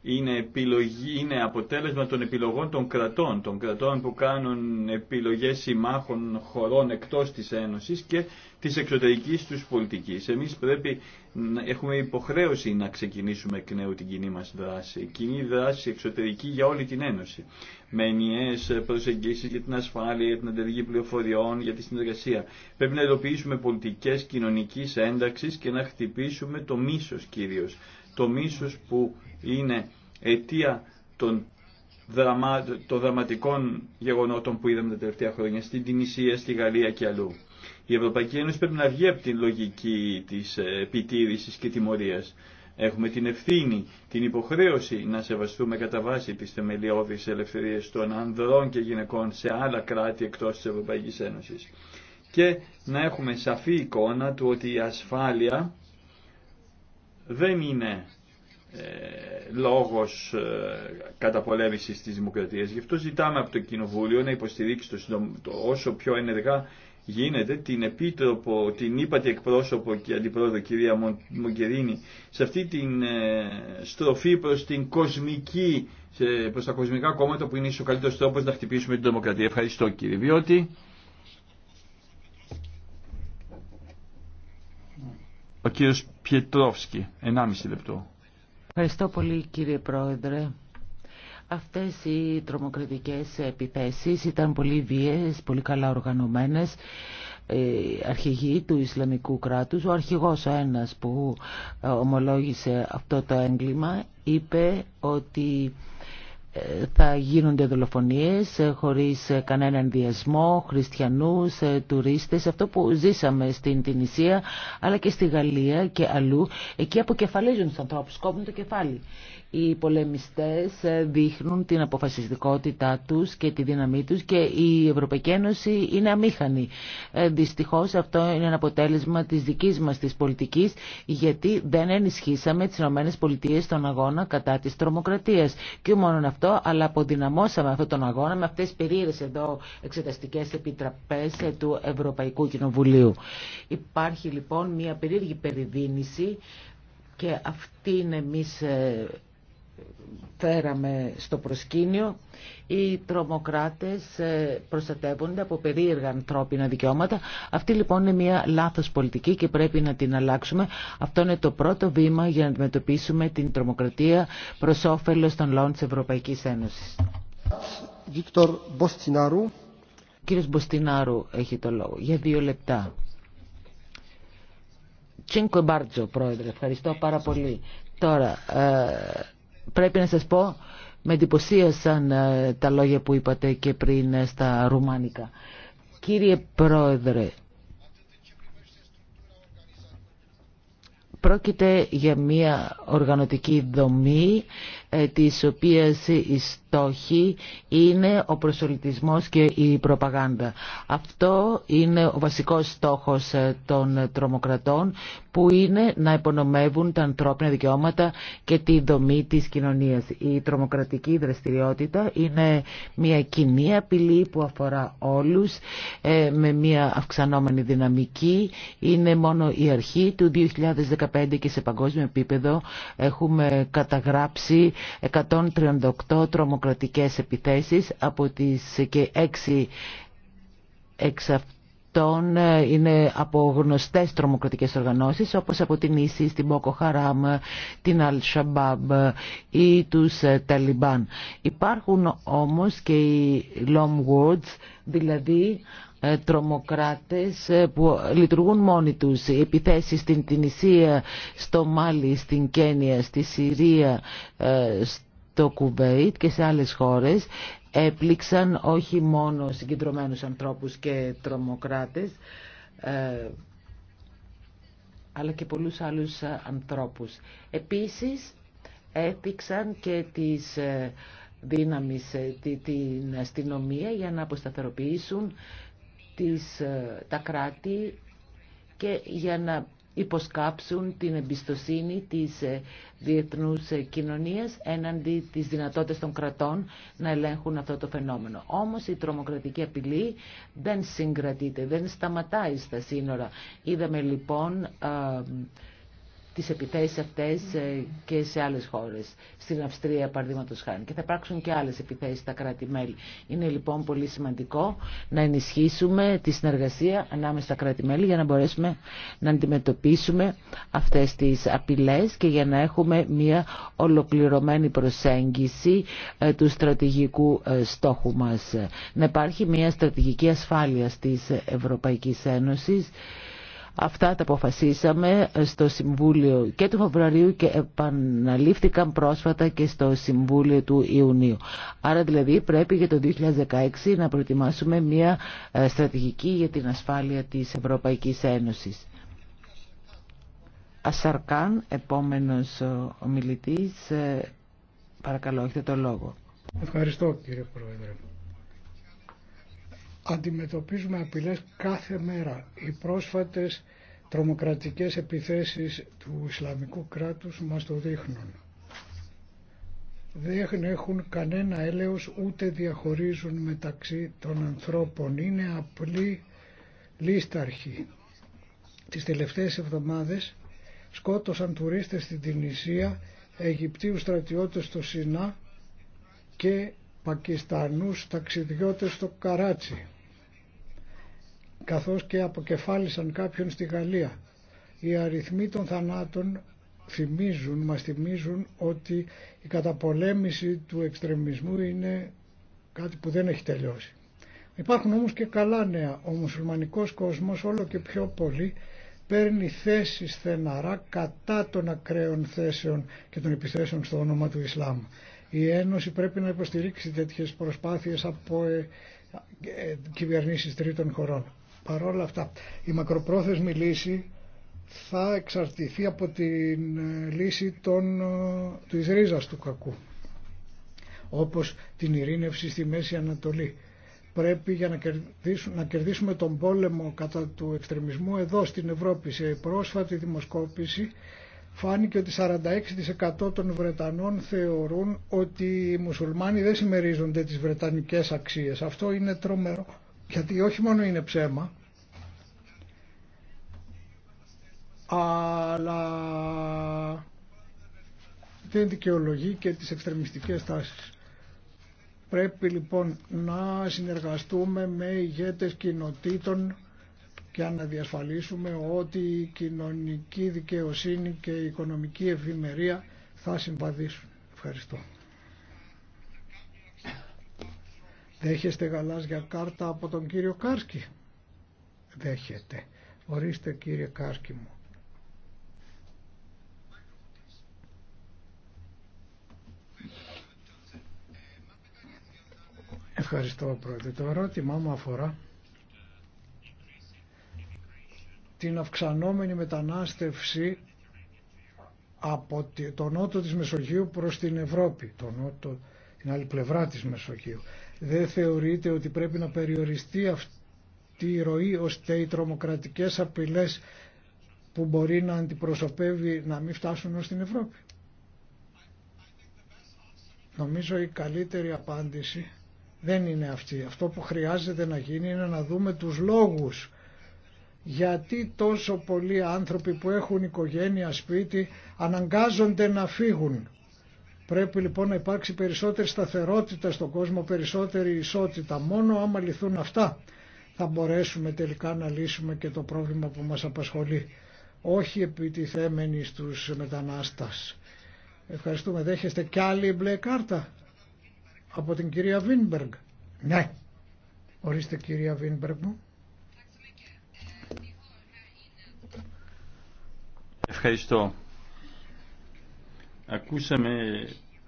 είναι, επιλογή, είναι αποτέλεσμα των επιλογών των κρατών, των κρατών που κάνουν επιλογές συμμάχων χωρών εκτός της Ένωσης και της εξωτερικής τους πολιτικής. Εμείς πρέπει να έχουμε υποχρέωση να ξεκινήσουμε εκ νέου την κοινή μας δράση, κοινή δράση εξωτερική για όλη την Ένωση, με ενιαίες προσεγγίσεις για την ασφάλεια, για την αντεργή πληροφοριών, για τη συνεργασία. Πρέπει να ειδοποιήσουμε πολιτικές κοινωνικής ένταξης και να χτυπήσουμε το μίσος κυρίως το μίσος που είναι αιτία των, δραματικών γεγονότων που είδαμε τα τελευταία χρόνια στην Τινησία, στη Γαλλία και αλλού. Η Ευρωπαϊκή Ένωση πρέπει να βγει από την λογική της επιτήρησης και τιμωρίας. Έχουμε την ευθύνη, την υποχρέωση να σεβαστούμε κατά βάση τις θεμελιώδεις ελευθερίες των ανδρών και γυναικών σε άλλα κράτη εκτός της Ευρωπαϊκής Ένωσης. Και να έχουμε σαφή εικόνα του ότι η ασφάλεια δεν είναι ε, λόγος ε, καταπολέμησης της δημοκρατίας. Γι' αυτό ζητάμε από το Κοινοβούλιο να υποστηρίξει το, το όσο πιο ενεργά γίνεται την επίτροπο, την ύπατη εκπρόσωπο και αντιπρόεδρο κυρία Μογκερίνη σε αυτή την ε, στροφή προς, την κοσμική, προς τα κοσμικά κόμματα που είναι ίσως ο καλύτερος τρόπος να χτυπήσουμε την δημοκρατία. Ευχαριστώ κύριε Βιώτη. Ο κύριος Πιετρόφσκι, 1,5 λεπτό. Ευχαριστώ πολύ κύριε Πρόεδρε. Αυτές οι τρομοκρατικές επιθέσεις ήταν πολύ βίαιες, πολύ καλά οργανωμένες ε, αρχηγοί του Ισλαμικού κράτους, ο αρχηγός ο ένας που ε, ομολόγησε αυτό το έγκλημα, είπε ότι θα γίνονται δολοφονίες ε, χωρίς ε, κανέναν διασμό, χριστιανούς, ε, τουρίστες, αυτό που ζήσαμε στην Τινησία αλλά και στη Γαλλία και αλλού, εκεί αποκεφαλίζουν τους ανθρώπους, κόβουν το κεφάλι οι πολεμιστές ε, δείχνουν την αποφασιστικότητά τους και τη δύναμή τους και η Ευρωπαϊκή Ένωση είναι αμήχανη. Ε, δυστυχώς αυτό είναι ένα αποτέλεσμα της δικής μας της πολιτικής γιατί δεν ενισχύσαμε τις ΗΠΑ στον αγώνα κατά της τρομοκρατίας. Και μόνο αυτό, αλλά αποδυναμώσαμε αυτόν τον αγώνα με αυτές τις περίεργες εδώ εξεταστικές επιτραπές ε, του Ευρωπαϊκού Κοινοβουλίου. Υπάρχει λοιπόν μια περίεργη περιδίνηση και αυτή είναι εμείς φέραμε στο προσκήνιο. Οι τρομοκράτες ε, προστατεύονται από περίεργα ανθρώπινα δικαιώματα. Αυτή λοιπόν είναι μια λάθος πολιτική και πρέπει να την αλλάξουμε. Αυτό είναι το πρώτο βήμα για να αντιμετωπίσουμε την τρομοκρατία προς όφελος των λαών της Ευρωπαϊκής Ένωσης. Βίκτορ Μποστινάρου. κύριος Μποστινάρου έχει το λόγο για δύο λεπτά. Τσίνκο Μπάρτζο, πρόεδρε. Ευχαριστώ πάρα πολύ. Τώρα, ε, πρέπει να σας πω, με εντυπωσίασαν ε, τα λόγια που είπατε και πριν ε, στα ρουμάνικα. Κύριε Πρόεδρε, πρόκειται για μια οργανωτική δομή ε, της οποίας η στόχη είναι ο προσωλητισμός και η προπαγάνδα. Αυτό είναι ο βασικός στόχος ε, των τρομοκρατών που είναι να υπονομεύουν τα ανθρώπινα δικαιώματα και τη δομή της κοινωνίας. Η τρομοκρατική δραστηριότητα είναι μια κοινή απειλή που αφορά όλους ε, με μια αυξανόμενη δυναμική. Είναι μόνο η αρχή του 2015 και σε παγκόσμιο επίπεδο έχουμε καταγράψει 138 τρομοκρατικές επιθέσεις από τις και 6 εξ αυτών ε, είναι από γνωστές τρομοκρατικές οργανώσεις όπως από την Ίση, την Μπόκο Χαράμ, την Αλ Σαμπάμπ ή τους ε, Ταλιμπάν. Υπάρχουν όμως και οι long δηλαδή ε, τρομοκράτες ε, που λειτουργούν μόνοι τους. επιθέσεις στην Τινησία, στο Μάλι, στην Κένια, στη Συρία, ε, στο Κουβέιτ και σε άλλες χώρες έπληξαν όχι μόνο συγκεντρωμένους ανθρώπους και τρομοκράτες αλλά και πολλούς άλλους ανθρώπους. Επίσης έπληξαν και τις δύναμης την αστυνομία για να αποσταθεροποιήσουν της ε, τα κράτη και για να υποσκάψουν την εμπιστοσύνη της ε, διεθνούς ε, κοινωνίας έναντι της δυνατότητας των κρατών να ελέγχουν αυτό το φαινόμενο. Όμως η τρομοκρατική απειλή δεν συγκρατείται, δεν σταματάει στα σύνορα. Είδαμε λοιπόν τις επιθέσεις αυτές ε, και σε άλλες χώρες. Στην Αυστρία, παραδείγματο χάρη. Και θα υπάρξουν και άλλες επιθέσεις στα κράτη-μέλη. Είναι λοιπόν πολύ σημαντικό να ενισχύσουμε τη συνεργασία ανάμεσα στα κράτη-μέλη για να μπορέσουμε να αντιμετωπίσουμε αυτές τις απειλές και για να έχουμε μια ολοκληρωμένη προσέγγιση ε, του στρατηγικού ε, στόχου μας. Να υπάρχει μια στρατηγική ασφάλεια της Ευρωπαϊκής Ένωσης Αυτά τα αποφασίσαμε στο Συμβούλιο και του Φεβρουαρίου και επαναλήφθηκαν πρόσφατα και στο Συμβούλιο του Ιουνίου. Άρα δηλαδή πρέπει για το 2016 να προετοιμάσουμε μια ε, στρατηγική για την ασφάλεια της Ευρωπαϊκής Ένωσης. Ασαρκάν, επόμενος ομιλητής, ε, παρακαλώ έχετε το λόγο. Ευχαριστώ κύριε Πρόεδρε αντιμετωπίζουμε απειλές κάθε μέρα. Οι πρόσφατες τρομοκρατικές επιθέσεις του Ισλαμικού κράτους μας το δείχνουν. Δεν έχουν κανένα έλεος ούτε διαχωρίζουν μεταξύ των ανθρώπων. Είναι απλή λίσταρχη. Τις τελευταίες εβδομάδες σκότωσαν τουρίστες στην Τινησία, Αιγυπτίους στρατιώτες στο Σινά και Πακιστανούς ταξιδιώτες στο Καράτσι καθώς και αποκεφάλισαν κάποιον στη Γαλλία. Οι αριθμοί των θανάτων θυμίζουν, μας θυμίζουν ότι η καταπολέμηση του εξτρεμισμού είναι κάτι που δεν έχει τελειώσει. Υπάρχουν όμως και καλά νέα. Ο μουσουλμανικός κόσμος όλο και πιο πολύ παίρνει θέσεις στεναρά κατά των ακραίων θέσεων και των επιθέσεων στο όνομα του Ισλάμ. Η Ένωση πρέπει να υποστηρίξει τέτοιες προσπάθειες από ε, ε, κυβερνήσεις τρίτων χωρών. Παρόλα αυτά, η μακροπρόθεσμη λύση θα εξαρτηθεί από τη ε, λύση των, της ρίζας του κακού, όπως την ειρήνευση στη Μέση Ανατολή. Πρέπει για να κερδίσουμε, να κερδίσουμε τον πόλεμο κατά του εξτρεμισμού εδώ στην Ευρώπη. Σε πρόσφατη δημοσκόπηση φάνηκε ότι 46% των Βρετανών θεωρούν ότι οι μουσουλμάνοι δεν συμμερίζονται τις βρετανικές αξίες. Αυτό είναι τρομερό, γιατί όχι μόνο είναι ψέμα, αλλά δεν δικαιολογεί και τις εξτρεμιστικές τάσεις. Πρέπει λοιπόν να συνεργαστούμε με ηγέτες κοινοτήτων αν να διασφαλίσουμε ότι η κοινωνική δικαιοσύνη και η οικονομική ευημερία θα συμβαδίσουν. Ευχαριστώ. Δέχεστε γαλάζια κάρτα από τον κύριο Κάρσκι. Δέχετε. Ορίστε κύριε Κάρσκι μου. Ευχαριστώ πρόεδρε. Το ερώτημά μου αφορά την αυξανόμενη μετανάστευση από το νότο της Μεσογείου προς την Ευρώπη, τον νότο, την άλλη πλευρά της Μεσογείου. Δεν θεωρείτε ότι πρέπει να περιοριστεί αυτή η ροή ώστε οι τρομοκρατικές απειλές που μπορεί να αντιπροσωπεύει να μην φτάσουν ως την Ευρώπη. Νομίζω η καλύτερη απάντηση δεν είναι αυτή. Αυτό που χρειάζεται να γίνει είναι να δούμε τους λόγους γιατί τόσο πολλοί άνθρωποι που έχουν οικογένεια, σπίτι αναγκάζονται να φύγουν. Πρέπει λοιπόν να υπάρξει περισσότερη σταθερότητα στον κόσμο, περισσότερη ισότητα. Μόνο άμα λυθούν αυτά θα μπορέσουμε τελικά να λύσουμε και το πρόβλημα που μας απασχολεί. Όχι επιτιθέμενοι στους μετανάστας. Ευχαριστούμε. Δέχεστε κι άλλη μπλε κάρτα από την κυρία Βίνμπεργκ. Ναι. Ορίστε κυρία Βίνμπεργκ μου. Ευχαριστώ. Ακούσαμε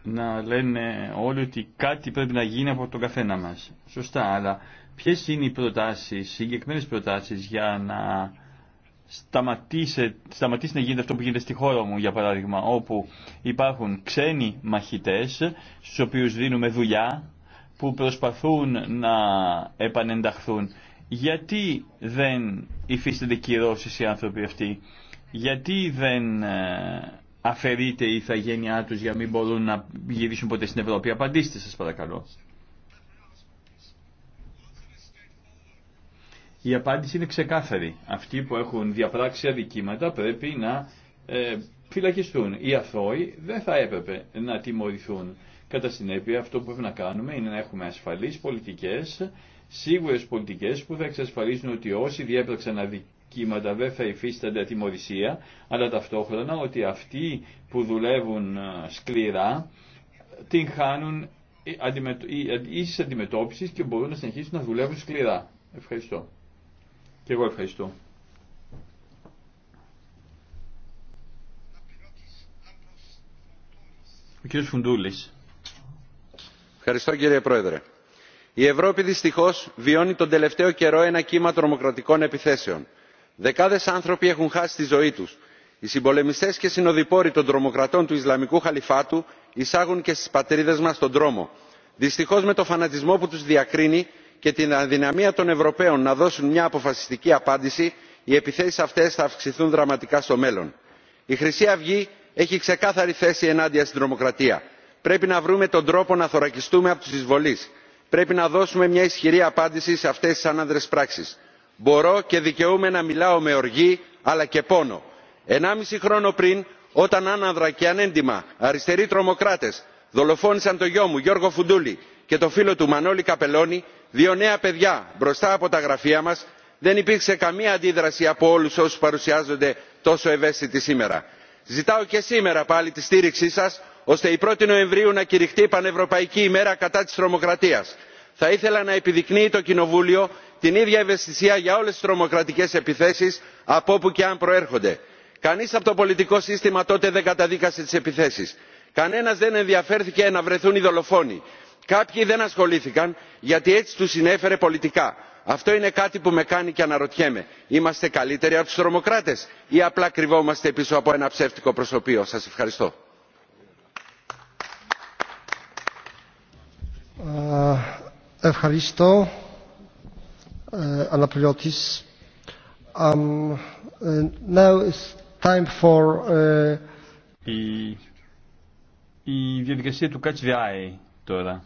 να λένε όλοι ότι κάτι πρέπει να γίνει από τον καθένα μας. Σωστά, αλλά ποιες είναι οι προτάσεις, συγκεκριμένες προτάσεις για να σταματήσει, σταματήσει να γίνεται αυτό που γίνεται στη χώρα μου, για παράδειγμα, όπου υπάρχουν ξένοι μαχητές, στους οποίους δίνουμε δουλειά, που προσπαθούν να επανενταχθούν. Γιατί δεν υφίστανται κυρώσεις οι άνθρωποι αυτοί γιατί δεν ε, αφαιρείται η ηθαγένειά τους για να μην μπορούν να γυρίσουν ποτέ στην Ευρώπη. Απαντήστε σας παρακαλώ. Η απάντηση είναι ξεκάθαρη. Αυτοί που έχουν διαπράξει αδικήματα πρέπει να ε, φυλακιστούν. Οι αθώοι δεν θα έπρεπε να τιμωρηθούν. Κατά συνέπεια αυτό που πρέπει να κάνουμε είναι να έχουμε ασφαλείς πολιτικές, σίγουρες πολιτικές που θα εξασφαλίσουν ότι όσοι διέπραξαν αδικήματα κύματα δεν θα υφίστανται ατιμορρησία, αλλά ταυτόχρονα ότι αυτοί που δουλεύουν σκληρά την χάνουν ίσης αντιμετώπισης και μπορούν να συνεχίσουν να δουλεύουν σκληρά. Ευχαριστώ. Και εγώ ευχαριστώ. Ο κύριος Φουντούλης. Ευχαριστώ κύριε Πρόεδρε. Η Ευρώπη δυστυχώς βιώνει τον τελευταίο καιρό ένα κύμα τρομοκρατικών επιθέσεων δεκάδες άνθρωποι έχουν χάσει τη ζωή τους. οι συμπολεμιστές και συνοδοιπόροι των τρομοκρατών του ισλαμικού χαλιφάτου εισάγουν και στις πατρίδες μας τον τρόμο. δυστυχώς με το φανατισμό που τους διακρίνει και την αδυναμία των ευρωπαίων να δώσουν μια αποφασιστική απάντηση οι επιθέσεις αυτές θα αυξηθούν δραματικά στο μέλλον. η χρυσή αυγή έχει ξεκάθαρη θέση ενάντια στην τρομοκρατία. πρέπει να βρούμε τον τρόπο να θωρακιστούμε από του εισβολείς. πρέπει να δώσουμε μια ισχυρή απάντηση σε αυτέ τι άνανδρες πράξεις μπορώ και δικαιούμαι να μιλάω με οργή αλλά και πόνο. ενάμιση χρόνο πριν όταν άναδρα και ανέντιμα αριστεροί τρομοκράτες δολοφόνησαν το γιο μου γιώργο φουντούλη και το φίλο του μανώλη καπελώνη δύο νέα παιδιά μπροστά από τα γραφεία μας δεν υπήρξε καμία αντίδραση από όλους όσους παρουσιάζονται τόσο ευαίσθητοι σήμερα. ζητάω και σήμερα πάλι τη στήριξή σας ώστε η 1η Νοεμβρίου να κηρυχτεί πανευρωπαϊκή ημέρα κατά της τρομοκρατίας. Θα ήθελα να επιδεικνύει το Κοινοβούλιο την ίδια ευαισθησία για όλες τις τρομοκρατικές επιθέσεις από όπου και αν προέρχονται. κανείς από το πολιτικό σύστημα τότε δεν καταδίκασε τις επιθέσεις κανένας δεν ενδιαφέρθηκε να βρεθούν οι δολοφόνοι κάποιοι δεν ασχολήθηκαν γιατί έτσι τους συνέφερε πολιτικά. αυτό είναι κάτι που με κάνει και αναρωτιέμαι είμαστε καλύτεροι από τους τρομοκράτες ή απλά κρυβόμαστε πίσω από ένα ψεύτικο προσωπείο. σας ευχαριστώ. ευχαριστώ. Anapoliotis. Now it's time for... Η, η διαδικασία του Catch the Eye τώρα.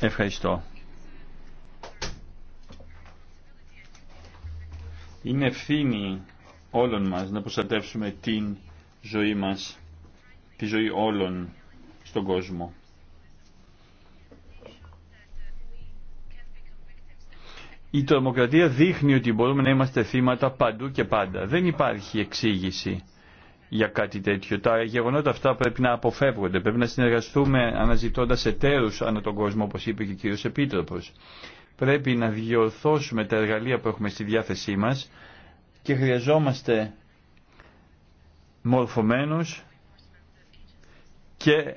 Ευχαριστώ. Είναι ευθύνη όλων μας να προστατεύσουμε την ζωή μας, τη ζωή όλων στον κόσμο. Η τρομοκρατία δείχνει ότι μπορούμε να είμαστε θύματα παντού και πάντα. Δεν υπάρχει εξήγηση για κάτι τέτοιο. Τα γεγονότα αυτά πρέπει να αποφεύγονται. Πρέπει να συνεργαστούμε αναζητώντας εταίρους ανά τον κόσμο, όπως είπε και ο κύριος Επίτροπος. Πρέπει να διορθώσουμε τα εργαλεία που έχουμε στη διάθεσή μας και χρειαζόμαστε μορφωμένους και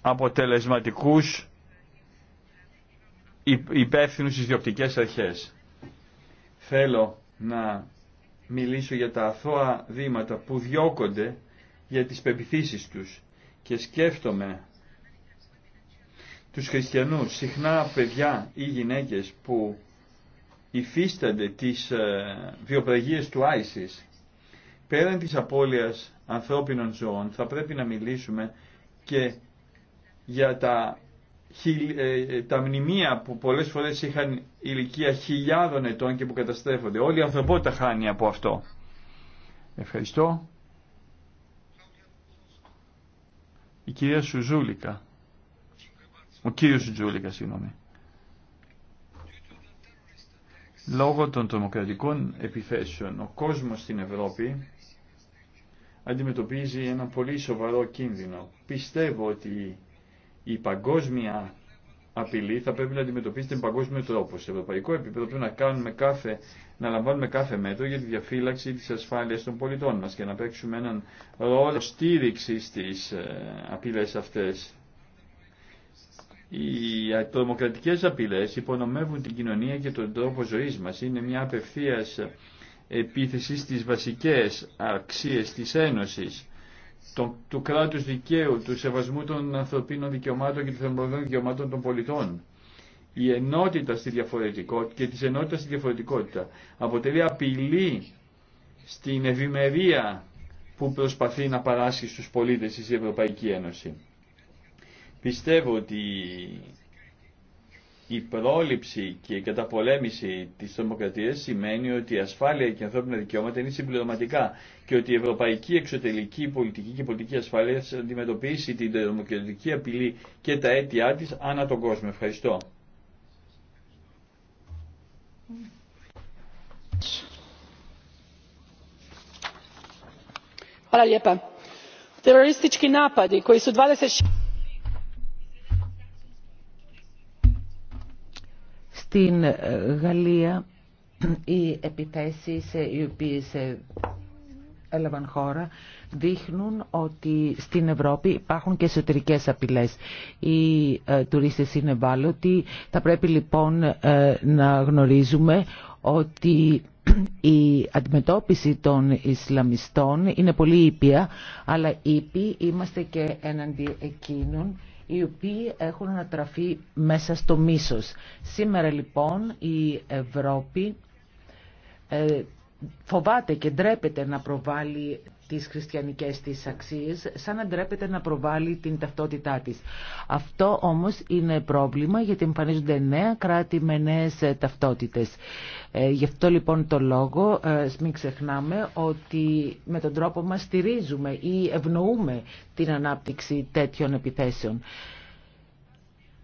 αποτελεσματικούς υπεύθυνους στις διοπτικές αρχές. Θέλω να μιλήσω για τα αθώα βήματα που διώκονται για τις πεπιθήσεις τους και σκέφτομαι τους χριστιανούς, συχνά παιδιά ή γυναίκες που υφίστανται τις ε, βιοπραγίες του Άισις, πέραν της απώλειας ανθρώπινων ζώων, θα πρέπει να μιλήσουμε και για τα, ε, ε, τα μνημεία που πολλές φορές είχαν ηλικία χιλιάδων ετών και που καταστρέφονται. Όλη η ανθρωπότητα χάνει από αυτό. Ευχαριστώ. Η κυρία Σουζούλικα. Ο κύριος Τζούλικα, συγγνώμη. Λόγω των τρομοκρατικών επιθέσεων, ο κόσμος στην Ευρώπη αντιμετωπίζει ένα πολύ σοβαρό κίνδυνο. Πιστεύω ότι η παγκόσμια απειλή θα πρέπει να αντιμετωπίσει την παγκόσμιο τρόπο. Σε ευρωπαϊκό επίπεδο να, κάνουμε κάθε, να λαμβάνουμε κάθε μέτρο για τη διαφύλαξη της ασφάλειας των πολιτών μας και να παίξουμε έναν ρόλο στήριξη στις ε, απειλές αυτές. Οι τρομοκρατικέ απειλέ υπονομεύουν την κοινωνία και τον τρόπο ζωή μα Είναι μια απευθεία επίθεση στις βασικές αξίε της Ένωσης, του κράτους δικαίου, του σεβασμού των ανθρωπίνων δικαιωμάτων και των θερμοκρατικών δικαιωμάτων των πολιτών. Η ενότητα στη διαφορετικότητα και της ενότητα στη διαφορετικότητα αποτελεί απειλή στην ευημερία που προσπαθεί να παράσχει στους πολίτες της Ευρωπαϊκή Ένωση. Πιστεύω ότι η πρόληψη και η καταπολέμηση της τρομοκρατίας σημαίνει ότι η ασφάλεια και η ανθρώπινα δικαιώματα είναι συμπληρωματικά και ότι η ευρωπαϊκή εξωτερική πολιτική και πολιτική ασφάλεια αντιμετωπίσει την τρομοκρατική απειλή και τα αίτια της ανά τον κόσμο. Ευχαριστώ. Hvala lijepa. Teroristički napadi Στην ε, Γαλλία οι επιθέσεις ε, οι οποίες ε, έλαβαν χώρα δείχνουν ότι στην Ευρώπη υπάρχουν και εσωτερικέ απειλές. Οι ε, τουρίστες είναι βάλωτοι. Θα πρέπει λοιπόν να γνωρίζουμε ότι η αντιμετώπιση των Ισλαμιστών είναι πολύ ήπια, αλλά ήπιοι είμαστε και έναντι εκείνων οι οποίοι έχουν ανατραφεί μέσα στο μίσος. Σήμερα λοιπόν η Ευρώπη ε, φοβάται και ντρέπεται να προβάλλει τις χριστιανικές της αξίες, σαν να ντρέπεται να προβάλλει την ταυτότητά της. Αυτό όμως είναι πρόβλημα γιατί εμφανίζονται νέα κράτη με νέες ε, ταυτότητες. Ε, γι' αυτό λοιπόν το λόγο ε, μην ξεχνάμε ότι με τον τρόπο μας στηρίζουμε ή ευνοούμε την ανάπτυξη τέτοιων επιθέσεων.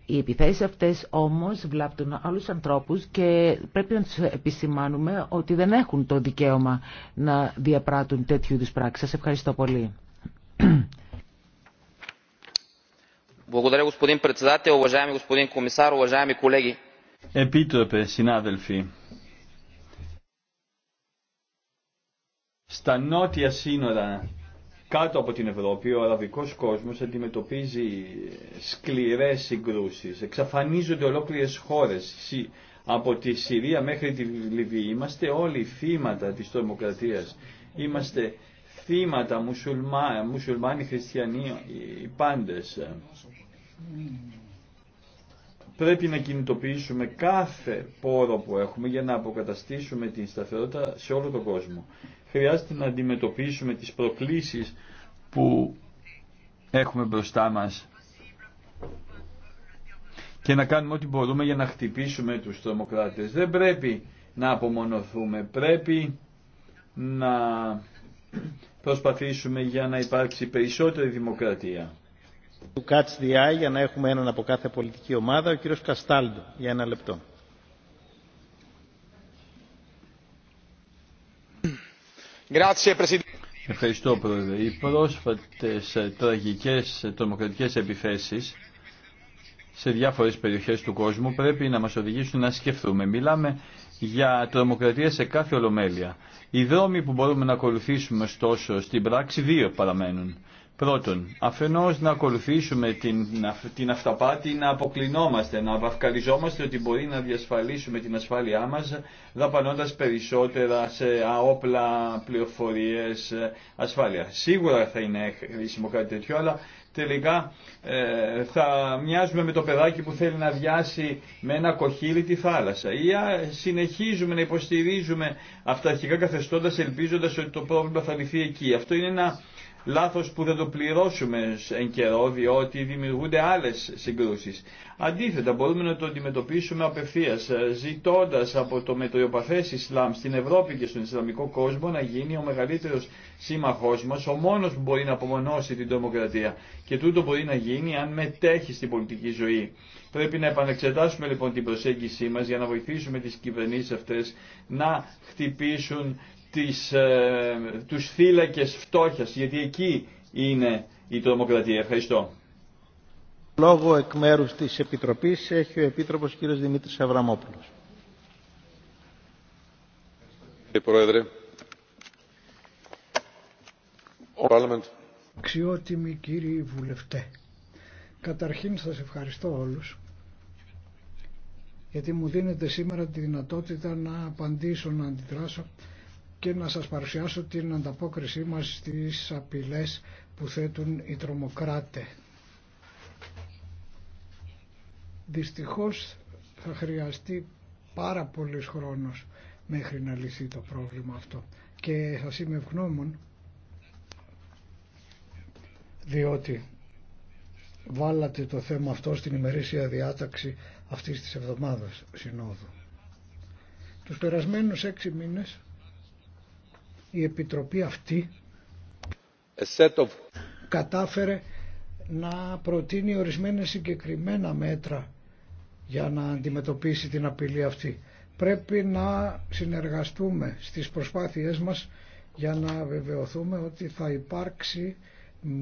Οι επιθέσεις αυτές όμως βλάπτουν άλλους ανθρώπους και πρέπει να τους επισημάνουμε ότι δεν έχουν το δικαίωμα να διαπράττουν τέτοιου είδους πράξεις. Σας ευχαριστώ πολύ. Επίτροπε, συνάδελφοι, στα νότια σύνορα κάτω από την Ευρώπη ο αραβικός κόσμος αντιμετωπίζει σκληρές συγκρούσεις, εξαφανίζονται ολόκληρες χώρες. Από τη Συρία μέχρι τη Λιβύη είμαστε όλοι θύματα της τρομοκρατίας. Είμαστε θύματα μουσουλμά, μουσουλμάνοι, χριστιανοί, οι πάντες. Πρέπει να κινητοποιήσουμε κάθε πόρο που έχουμε για να αποκαταστήσουμε την σταθερότητα σε όλο τον κόσμο χρειάζεται να αντιμετωπίσουμε τις προκλήσεις που έχουμε μπροστά μας και να κάνουμε ό,τι μπορούμε για να χτυπήσουμε τους τρομοκράτες. Δεν πρέπει να απομονωθούμε, πρέπει να προσπαθήσουμε για να υπάρξει περισσότερη δημοκρατία. Του Κάτς για να έχουμε έναν από κάθε πολιτική ομάδα, ο κύριος Καστάλντο, για ένα λεπτό. Ευχαριστώ Πρόεδρε. Οι πρόσφατες ε, τραγικές ε, τρομοκρατικές επιθέσεις σε διάφορες περιοχές του κόσμου πρέπει να μας οδηγήσουν να σκεφτούμε. Μιλάμε για τρομοκρατία σε κάθε ολομέλεια. Οι δρόμοι που μπορούμε να ακολουθήσουμε ωστόσο στην πράξη δύο παραμένουν. Πρώτον, αφενός να ακολουθήσουμε την, την αυταπάτη, να αποκλεινόμαστε, να βαφκαριζόμαστε ότι μπορεί να διασφαλίσουμε την ασφάλειά μας δαπανώντας περισσότερα σε όπλα, πληροφορίες, ασφάλεια. Σίγουρα θα είναι χρήσιμο κάτι τέτοιο, αλλά τελικά ε, θα μοιάζουμε με το παιδάκι που θέλει να βιάσει με ένα κοχύλι τη θάλασσα. Ή συνεχίζουμε να υποστηρίζουμε αυταρχικά καθεστώντας ελπίζοντας ότι το πρόβλημα θα λυθεί εκεί. Αυτό είναι ένα Λάθος που δεν το πληρώσουμε εν καιρό διότι δημιουργούνται άλλες συγκρούσεις. Αντίθετα μπορούμε να το αντιμετωπίσουμε απευθείας ε, ζητώντας από το μετριοπαθές Ισλάμ στην Ευρώπη και στον Ισλαμικό κόσμο να γίνει ο μεγαλύτερος σύμμαχός μας, ο μόνος που μπορεί να απομονώσει την τρομοκρατία. Και τούτο μπορεί να γίνει αν μετέχει στην πολιτική ζωή. Πρέπει να επανεξετάσουμε λοιπόν την προσέγγιση μας για να βοηθήσουμε τις κυβερνήσεις αυτές να χτυπήσουν τις, ε, τους θύλακες φτώχειας, γιατί εκεί είναι η τρομοκρατία. Ευχαριστώ. Λόγο εκ μέρους της Επιτροπής έχει ο Επίτροπος κ. Δημήτρης Αβραμόπουλος. Κύριε Πρόεδρε, ο Parliament... Αξιότιμοι κύριοι βουλευτέ, καταρχήν σας ευχαριστώ όλους γιατί μου δίνετε σήμερα τη δυνατότητα να απαντήσω, να αντιδράσω και να σας παρουσιάσω την ανταπόκρισή μας στις απειλές που θέτουν οι τρομοκράτε. Δυστυχώς θα χρειαστεί πάρα πολύς χρόνος μέχρι να λυθεί το πρόβλημα αυτό και θα είμαι ευγνώμων διότι βάλατε το θέμα αυτό στην ημερήσια διάταξη αυτής της εβδομάδας συνόδου. Τους περασμένους έξι μήνες η Επιτροπή αυτή κατάφερε να προτείνει ορισμένα συγκεκριμένα μέτρα για να αντιμετωπίσει την απειλή αυτή. Πρέπει να συνεργαστούμε στις προσπάθειές μας για να βεβαιωθούμε ότι θα υπάρξει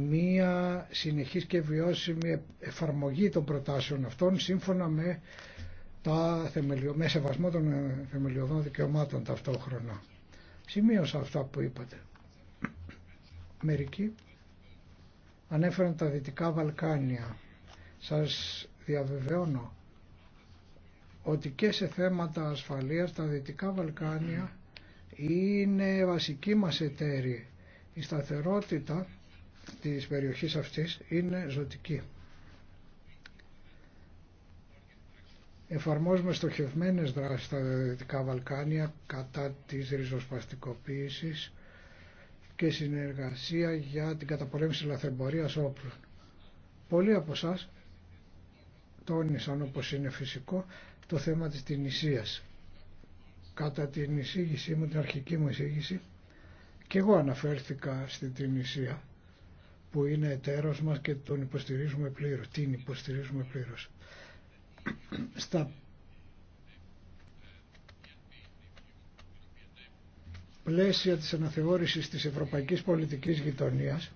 μία συνεχής και βιώσιμη εφαρμογή των προτάσεων αυτών σύμφωνα με, τα με σεβασμό των θεμελιωδών δικαιωμάτων ταυτόχρονα. Σημείωσα αυτά που είπατε. Μερικοί ανέφεραν τα Δυτικά Βαλκάνια. Σας διαβεβαιώνω ότι και σε θέματα ασφαλείας τα Δυτικά Βαλκάνια είναι βασική μας εταίρη. Η σταθερότητα της περιοχής αυτής είναι ζωτική. εφαρμόζουμε στοχευμένες δράσεις στα Δυτικά Βαλκάνια κατά της ριζοσπαστικοποίησης και συνεργασία για την καταπολέμηση λαθρεμπορίας όπλων. Πολλοί από εσά τόνισαν όπως είναι φυσικό το θέμα της τυνησίας. Κατά την εισήγησή μου, την αρχική μου εισήγηση, και εγώ αναφέρθηκα στην Τινησία που είναι εταίρος μας και τον υποστηρίζουμε πλήρως, την υποστηρίζουμε πλήρως στα πλαίσια της αναθεώρησης της ευρωπαϊκής πολιτικής γειτονίας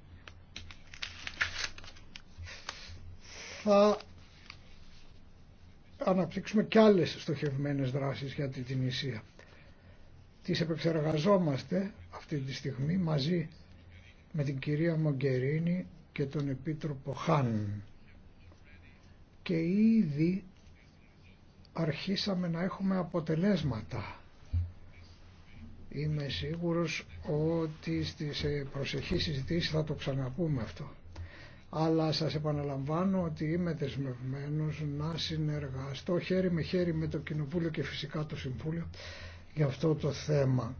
θα αναπτύξουμε κι άλλες στοχευμένες δράσεις για την Τινησία. Τις επεξεργαζόμαστε αυτή τη στιγμή μαζί με την κυρία Μογκερίνη και τον Επίτροπο Χάν. Και ήδη αρχίσαμε να έχουμε αποτελέσματα. Είμαι σίγουρος ότι στις ε, προσεχείς συζητήσεις θα το ξαναπούμε αυτό. Αλλά σας επαναλαμβάνω ότι είμαι δεσμευμένος να συνεργαστώ χέρι με χέρι με το Κοινοβούλιο και φυσικά το Συμβούλιο για αυτό το θέμα.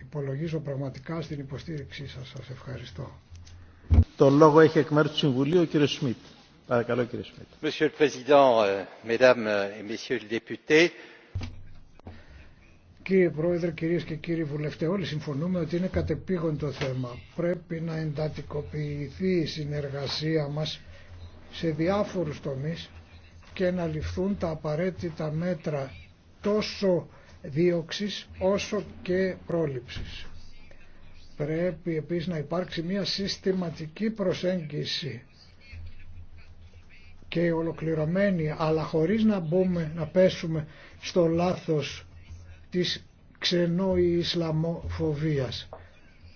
Υπολογίζω πραγματικά στην υποστήριξή σας. Σας ευχαριστώ. Το λόγο έχει εκ μέρους του Συμβουλίου ο Σμιτ. Monsieur le Président, euh, euh, Κύριε Πρόεδρε, κυρίες και κύριοι βουλευτές, όλοι συμφωνούμε ότι είναι κατεπήγον το θέμα. Πρέπει να εντατικοποιηθεί η συνεργασία μας σε διάφορους τομείς και να ληφθούν τα απαραίτητα μέτρα τόσο δίωξης όσο και πρόληψης. Πρέπει επίσης να υπάρξει μια συστηματική προσέγγιση και ολοκληρωμένη αλλά χωρίς να μπούμε να πέσουμε στο λάθος της ξενόη Ισλαμοφοβίας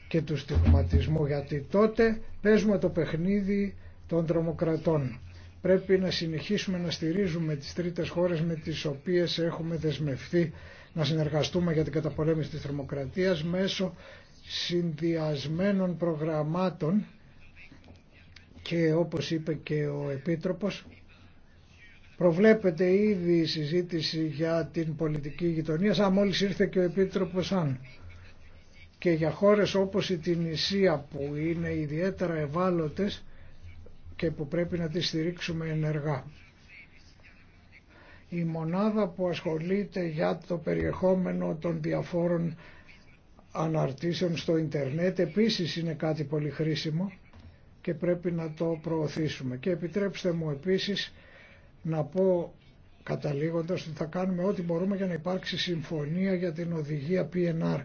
και του στιγματισμού γιατί τότε παίζουμε το παιχνίδι των τρομοκρατών. Πρέπει να συνεχίσουμε να στηρίζουμε τις τρίτες χώρες με τις οποίες έχουμε δεσμευθεί να συνεργαστούμε για την καταπολέμηση της τρομοκρατίας μέσω συνδυασμένων προγραμμάτων και όπως είπε και ο Επίτροπος προβλέπεται ήδη η συζήτηση για την πολιτική γειτονία σαν μόλις ήρθε και ο Επίτροπος Αν και για χώρες όπως η Τινησία που είναι ιδιαίτερα ευάλωτες και που πρέπει να τις στηρίξουμε ενεργά. Η μονάδα που ασχολείται για το περιεχόμενο των διαφόρων αναρτήσεων στο Ιντερνετ επίσης είναι κάτι πολύ χρήσιμο και πρέπει να το προωθήσουμε. Και επιτρέψτε μου επίσης να πω καταλήγοντας ότι θα κάνουμε ό,τι μπορούμε για να υπάρξει συμφωνία για την οδηγία PNR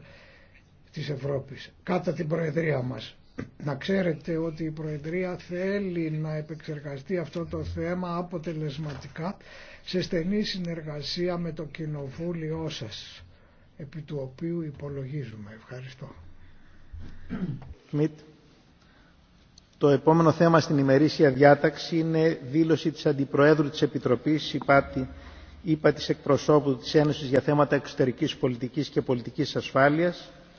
της Ευρώπης κατά την Προεδρία μας. Να ξέρετε ότι η Προεδρία θέλει να επεξεργαστεί αυτό το θέμα αποτελεσματικά σε στενή συνεργασία με το Κοινοβούλιο σας, επί του οποίου υπολογίζουμε. Ευχαριστώ. Το επόμενο θέμα στην ημερήσια διάταξη είναι δήλωση της Αντιπροέδρου της Επιτροπής ΥΠΑΤΗ είπα εκπροσώπου της Ένωσης για θέματα εξωτερικής πολιτικής και πολιτικής ασφάλειας